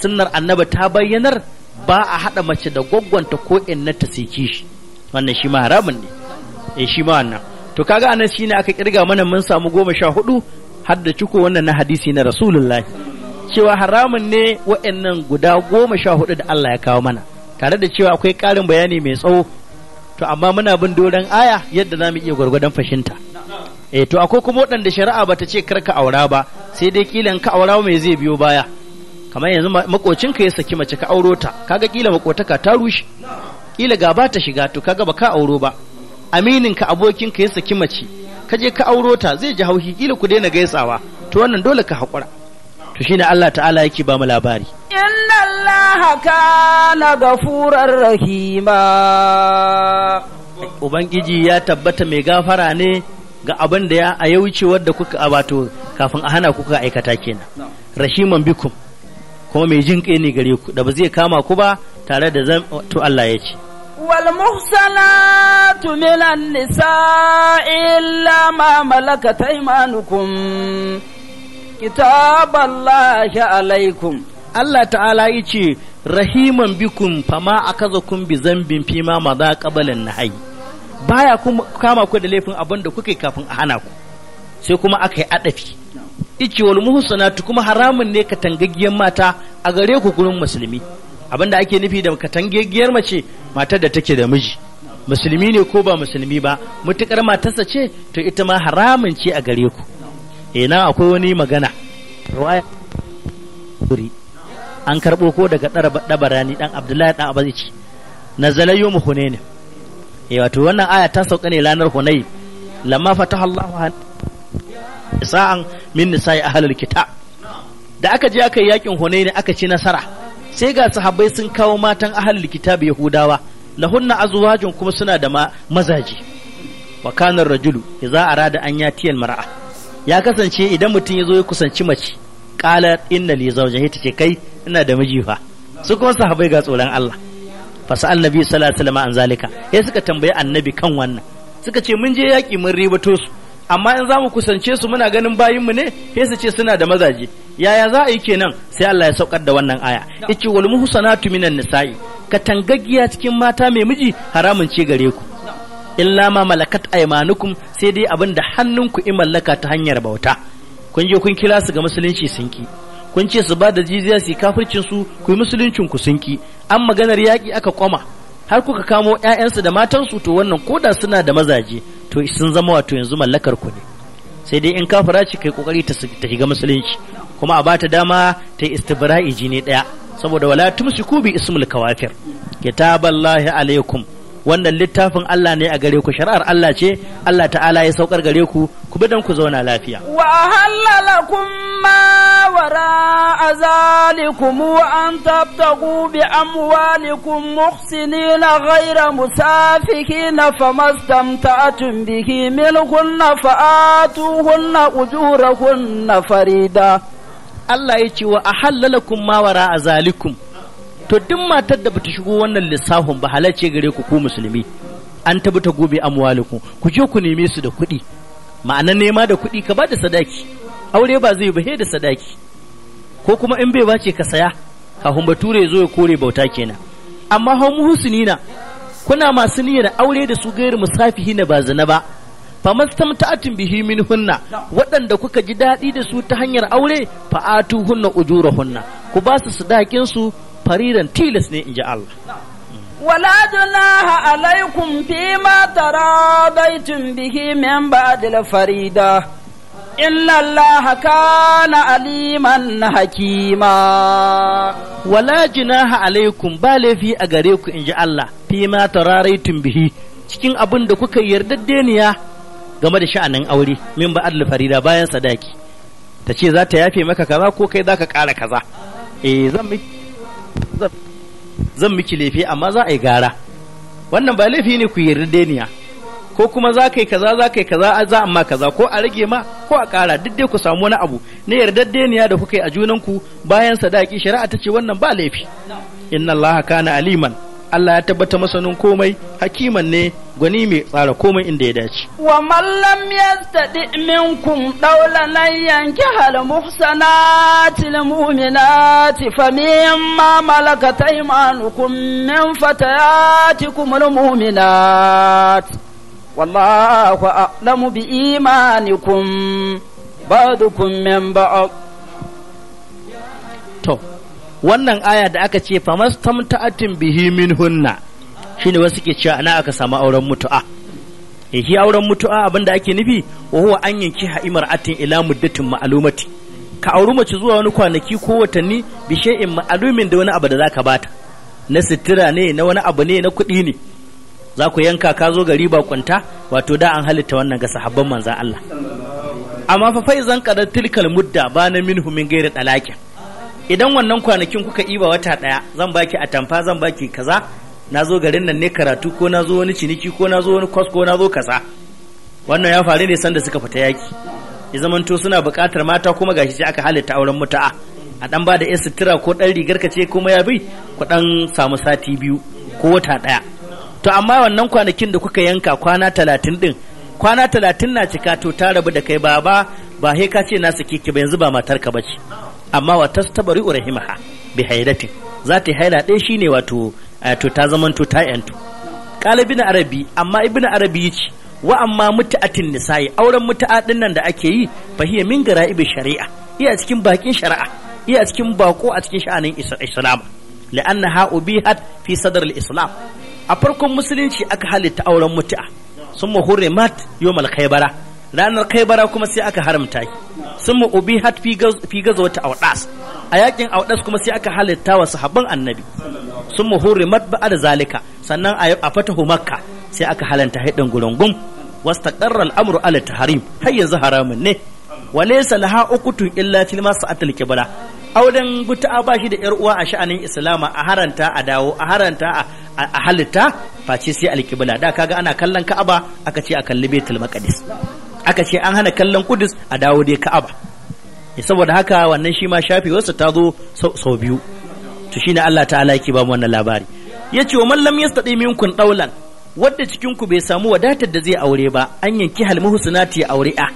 sunnar annabi ta bayyanar ba a haɗa mace da gwaggwanta ko inna ta siki shi wannan shi ma haramun ne eh shi ma wannan to kaga anan shine aka kirga mana mun samu goma sha hudu har da ciko wannan na hadisi na rasulullahi cewa haramun ne wa'annan guda goma sha hudu da Allah ya kawo mana tare da cewa akwai karin bayani mai tsawo to amma muna bin doron aya yadda za mu iya gwargwadon fashinta E, to akwai kuma waɗanda shari'a bata ce kar ka aura ba sai dai kilan ka aura mai zai biyo baya kamar yanzu makocinka ya saki mace ka auro ta kaga kila makotaka ta rushe kila ga ba ta shiga to kaga ba ka auro ba amininka abokinka ya saki mace ka je ka auro ta zai ji hauhi kila ku daina gaisawa to wannan dole ka haƙura to shine Allah ta'ala yake ba mu labari inna Allah kana gafurar rahima ubangiji ya tabbata mai gafara ne ga abin da ya a yauce wadda kuka abato kafin a hana kuka aikata kenan rashiman bikum kuma mai jin ne gare ku da ba zai kama ku ba tare da zan to Allah ya ce والمحصنات من Nisa illa ma ملكت أيمانكم كتاب الله alaikum. Allah ta'ala ya ce rahiman bikum fama akazakum bi zambin fima ma za qabalan nahyi baya kuma kama ku da laifin abin da kuke kafin a hana ku sai kuma aka yi adafi ice wal muhsanatu kuma haramun ne ka tangaggiyar mata a gare ku gurin musulmi abin da ake nufi da ka tangaggiyar mace matar da take da miji musulmi ne ko ba musulmi ba mutukar matarsa ce to ita ma haramun ce a gare ku ina eh, akwai wani magana ruwaya an karɓo ko daga ɗabarani ɗan abdullahi ɗan abazici na zalayyo E, wato wannan aya ta sauka ne lanar hunai lamma fataha Allah sa'an min nisa'i ahlul kitab da aka je aka yi yakin hunai ne aka ci nasara sai ga sahabbai sun kawo matan ahlul kitab yahudawa lahunna azwajun kuma suna da mazaji wa kana rajulu idza arada an yati mara ya kasance idan mutum ya zo ya kusanci mace qala inna li zawjahi tace kai ina da miji fa su kuma sahabbai ga tsoron Allah fasal nabi sallallahu alaihi wasallam an zalika ya suka tambayi annabi kan wannan suka ce mun je yaki mun ribato su amma in za mu kusance su muna ganin bayinmu ne sai su ce suna da mazaje yaya za a yi kenan sai Allah ya saukar da wannan aya yace wal muhsanatu minan nisa'i katangaggiya cikin mata mai miji haramun ce gare ku illa ma malakat aymanukum sai dai abin da hannunku i mallaka ta hanyar bauta kun je kun kira su ga musulunci sun ki kun ce su ba da jizya su kafircin su ku yi musuluncin ku sun an maganar yaƙi aka kwama har kuka kamo ƴaƴansu da matansu to wannan koda suna da mazaje to sun zama wato yanzu mallakar ku ne sai dai in kafira ce kai kokari ta shiga musulunci kuma a bata dama ta istibra'i jini daya saboda wala tumsiku bi ismul kawafir kitaballahi alaikum wannan littafin Allah ne a gare ku shari'ar Allah ce Allah ta'ala ya saukar gare ku ku bi dan ku zauna lafiya wa halalakum ma wara azalikum an tabtagu bi amwalikum muhsinin ghayra musafihin famastamta'tum bihi milkunna fa'atuhunna ujurahunna farida Allah ya ce wa halala ma wara azalikum to duk matar da bata shigo wannan lissafin ba halarce gare ku ku musulmi an tabi ta gobe amwalikum ku je ku neme su da kuɗi ma'ana nema da kuɗi ka ba da sadaki aure ba zai bahe da sadaki ko kuma in bai bace ka saya kafin bature ya zo ya kore bauta kenan amma hau muhsinina kuna masu niyyar aure da su gairu na ba zina ba fa tamta'atin bihi min hunna waɗanda kuka ji daɗi da su ta hanyar aure fa'atu hunna ujurahunna ku ba su sadakin su fariran tilas ne in ji Allah. Wala jula ha alaikun fi ma tara baitun bihi men ba farida, in lalla ha na aliman na hakima. Wala jula ha alaikun ba laifi a gare ku in ji Allah fi ma tara baitun bihi cikin abin da kuka yarda deniya game da sha'anin aure min ba farida bayan sadaki. Ta ce za ta yafe maka kaza ko kai za ka kara kaza. Eh, zan miki laifi amma za a yi gara wannan ba laifi ne ku yarda ko kuma za ka yi kaza za ka yi kaza za amma kaza ko a rage ma ko a ƙara duk dai ku samu wani abu na yardaddeniya da kuka yi a junanku bayan sadaki shari'a ta ce wannan ba laifi inna allaha kana aliman Allah ya tabbata masanin komai hakiman ne gwani mai tsara komai inda ya dace. Wa mallam ya taɗi kun ɗaula nan yanki hal muhsanati mu'minati fa mimma malakata kun min fatayatikum mu'minat wallahu a'lamu bi imanikum ba'dukum min ba'd. To, wannan aya da aka ce atin bihi min minhunna shine wasu ke cewa ana aka samu auren mutu'a eh, shi auren mutu'a abinda ake nufi wa huwa an yanki ha'imar atin ila muddatin ma'alumati ka auri mace zuwa wani kwanaki ko watanni bi shay'in ma'alumin da wani abu da zaka bata na sitira ne na wani abu ne na kuɗi ne za ku yanka ka zo gari ba kwanta wato da an halitta wannan ga sahabban manzan Allah amma fa faizan qadar tilkal mudda ba na minhu min ghairi talakin idan wannan kwanakin kuka iba wata daya zan baki atamfa zan baki kaza na zo garin nan ne karatu ko na zo wani ciniki ko na zo wani kwas ko na zo kaza wannan ya faru ne sanda suka fita yaki ya zamanto suna buƙatar mata kuma gashi sai aka halitta auren muta'a a dan ba da yan sutura ko dan rigar ka ce kuma ya bi ku dan samu sati biyu ko wata daya. to amma wannan kwanakin da kuka yanka kwana talatin din kwana talatin na cika to ta rabu da kai baba ba he ka ce na sake ki ba yanzu ba matar ka ce. amma wa tastabari urahimaha bi haidatin za ta haila ɗaya shine wato eh, to ta to ta yantu ƙalibin bin arabi amma ibn arabi ce wa amma muta'atin nisa'i auren ɗin nan da ake yi fahiya min gara ibi shari'a iya cikin bakin shari'a iya cikin bako a cikin sha'anin islam la'annaha ubihat fi sadar islam a farkon musulunci aka halitta auren mut'a summa mat yau al bara. ranar kaibara kuma sai aka haramta shi sun mu ubi hat fi gaza wata audas a yakin audas kuma sai aka halitta wa sahabban annabi sun mu hurri matba'a da zalika sannan a fatahu makka sai aka halanta haɗin gulungun wasta ƙarar al'amuru ala taharim har yanzu haramun ne wale salaha ukutun illa fil masu atal kibla auren buta ba shi da yar uwa a sha'anin islama a haranta a dawo a haranta a halitta face sai alkibla da kaga ana kallon ka'aba aka ce a kalli baitul maqdis aka ce an hana kallon kudus a dawo dai ka'aba eh, saboda haka wannan shi ma shafewarsa ta zo sau biyu to shine Allah ta'ala yake ba mu wannan labari yace wa man lam yastadi minkum daulan wadda cikin ku bai samu wadatar da zai aure ba an yanki halmu husnati ya aure a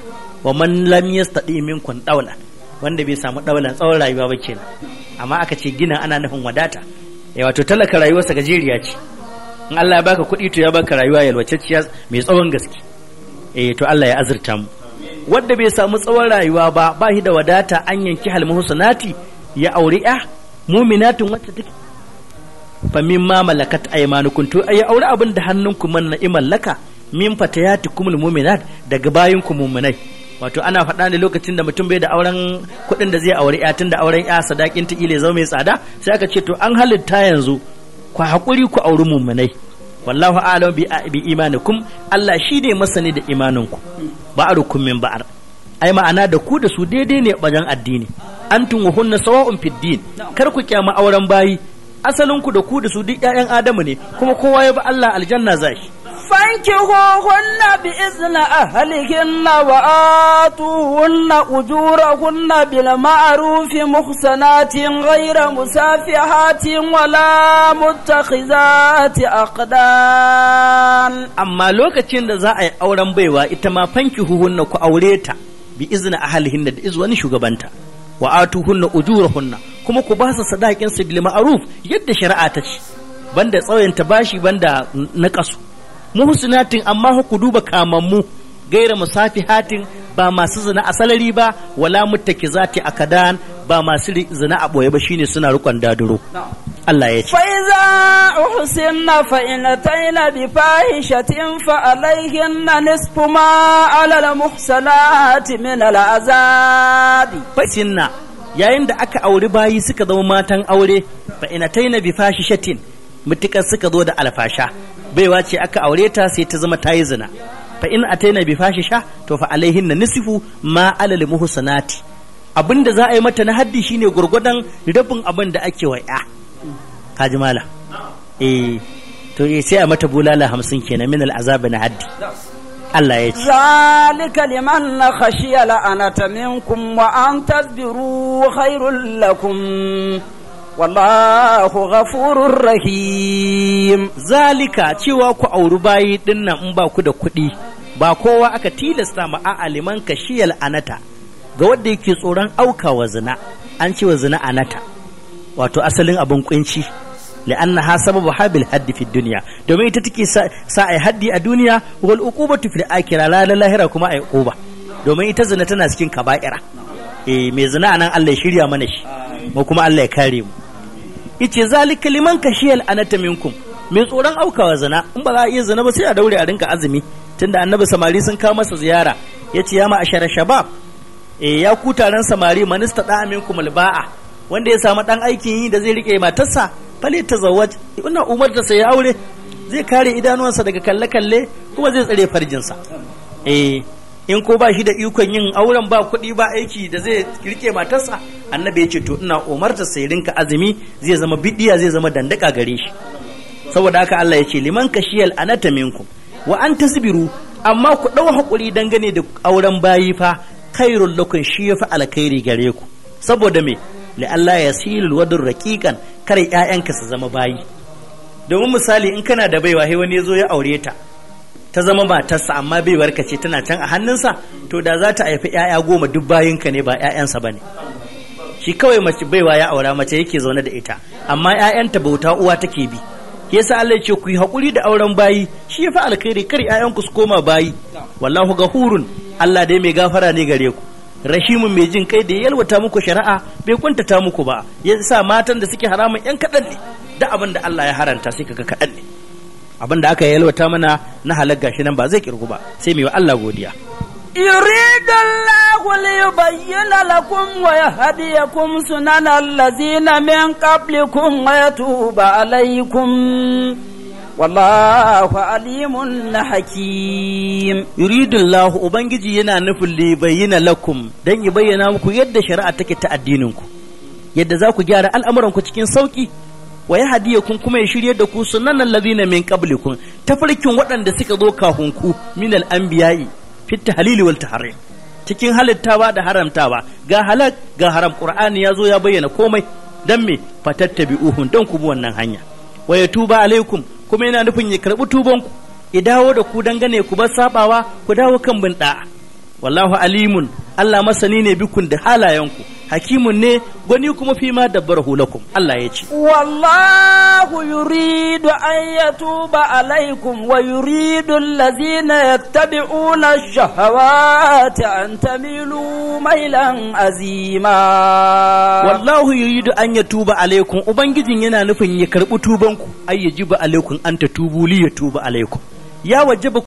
wa man lam yastadi minkum daulan wanda bai samu daulan tsawon rayuwa ba kenan amma aka ce gina ana nufin wadata eh wato talaka rayuwarsa gajeriya ce in Allah ya baka kuɗi to ya baka rayuwa yalwacecciya mai tsawon gaske eh to Allah ya azurta mu wanda bai samu tsawon rayuwa ba ba shi da wadata an yanki husnati ya auri ya muminatin wacce take fa min ma malakat aymanukum to ay aure abin da hannunku man na imallaka min fatayatikum almu'minat daga bayinku mu'minai wato ana faɗa ne lokacin da mutum bai da auren kuɗin da zai auri ya tun da auren ya sadakin ta ile zama mai tsada sai aka ce to an halitta yanzu ku haƙuri ku auri mu'minai wallahu alam bi imanikum Allah shi ne masani da imaninku ba'arukum min ba'ar ai ma'ana da ku da su daidai ne wajen addini antum wa hunna sawa'un fid din kar ku kyama auren bayi asalin ku da ku da su duk ƴaƴan adamu ne kuma kowa ya bi Allah aljanna zai فانكحوهن بإذن أهلهن وآتوهن أجورهن بالمعروف محسنات غير مسافحات ولا متخذات أقدان أما لوكا دا زائي أوران بيوا إتما فانكحوهن كو أوليتا بإذن أهلهن دا شغبانتا وآتوهن أجورهن كما كباسا ba su sadakin يد bil banda tsawayen ta bashi banda na kasu muhsinatin amma ku duba kamammu gaira musafihatin ba masu zina a salari ba wala zati a kadan ba masu zina a boye ba shine suna rukon daduro Allah ya ce fa iza uhsinna fa in tayla bi fahishatin fa alayhinna nisfu ma ala al muhsanati min al azabi fasinna yayin da aka auri bayi suka zama matan aure fa in tayna bi fahishatin mutukar suka zo da alfasha baiwa ce aka aure ta sai ta zama ta yi zina fa in ataina bi sha to fa alaihin na nisfu ma alal muhsanati abinda za a yi mata na haddi shine gurgudan rabin abin da ake wa ya kaji mala eh to eh, sai a mata bulala hamsin kenan min al'azab na haddi Allah ya ce zalika liman na khashiya la'anata minkum wa an tasbiru khairul lakum wallahu ghafurur rahim zalika cewa ku auri bayi dinnan in ba ku da kuɗi ba kowa aka tilasta ma a aliman kashiyal anata ga wanda yake tsoron wa zina an wa zina anata wato asalin abin kunci لأنها سبب حاب haddi في الدنيا domin ita take sa ai haddi a duniya wal uqubatu fil akhirah la la lahira kuma ai uquba domin ita zina tana cikin kaba'ira eh mai zina nan Allah ya shirya mana shi mu kuma Allah ya kare mu yace zalika liman kashiyal anata minkum mai tsoron aukawa zina in ba za a iya zina ba sai a daure a rinka azumi tunda annabi samari sun kawo masa ziyara yace ya ma ashara shabab eh ya ku ran samari manista da aminkum alba'a wanda ya samu dan aikin yi da zai rike matarsa fale zawaj ina umar da sai aure zai kare idanuwansa daga kalle kalle kuma zai tsare farjinsa eh in ko ba shi da ikon yin auren ba kuɗi ba aiki da zai rike matarsa annabi ya ce to ina umarta sai rinka azumi zai zama bidiya zai zama dandaka gare shi saboda haka Allah ya ce liman kashiyal anata minkum wa an tasbiru amma ku dau hakuri dangane da auren bayi fa khairul lakum shi yafi alkhairi gare ku saboda me la Allah yasilul wadur raqiqan kare ƴaƴanka su zama bayi domin misali in kana da baiwa sai wani ya zo ya aure ta ta zama matarsa amma baiwarka ce tana can a hannunsa to da za ta haifi 'ya'ya goma duk bayinka ne ba 'ya'yansa ba ne shi kawai mace baiwa ya aura mace yake zaune da ita amma 'ya'yanta bauta uwa take bi yasa Allah ce ku yi haƙuri da auren bayi shi ya fi alkhairi kar 'ya'yanku su koma bayi wallahu hurun Allah dai mai gafara ne gare ku rahimun mai jin kai da ya yalwata muku shari'a bai ta muku ba yasa matan da suke haramun 'yan kaɗan ne da abin da Allah ya haranta sai kaga kaɗan ne abin da aka yalwata mana na halar shi nan ba zai kirgu ba sai mai wa Allah godiya يريد الله ليبين na ويهديكم سنن الذين من قبلكم ويتوب عليكم والله alimun na hakim. الله ubangiji yana nufin bayyana lakum dan ya bayyana muku yadda shari'a take ta addinin ku yadda za ku gyara al'amuran ku cikin sauki wa kun kuma ya shirya da ku nan ladina min qablikum tafarkin waɗanda suka zo kafin ku min al anbiya'i fi tahlil wal tahrim cikin halittawa da haramtawa ga halak ga haram qur'ani ya zo ya bayyana komai dan me fatattabi'uhum dan ku bi wannan hanya Waya yatuba alaikum kuma yana nufin ya karbi tuban ku ya dawo da ku dangane ku bar sabawa ku dawo kan bin da'a wallahu alimun Allah masani ne bikun da halayenku hakimun ne gwani kuma fi ma dabbar hulakum Allah ya ce wallahu yuridu an tuba alaikum wa yuridu allazina yattabi'una ash-shahawati an tamilu mailan azima wallahu yuridu an yatuba alaikum ubangijin yana nufin ya karbi tubanku ayyaji ba alaikum an tatubu li yatuba alaikum ya wajaba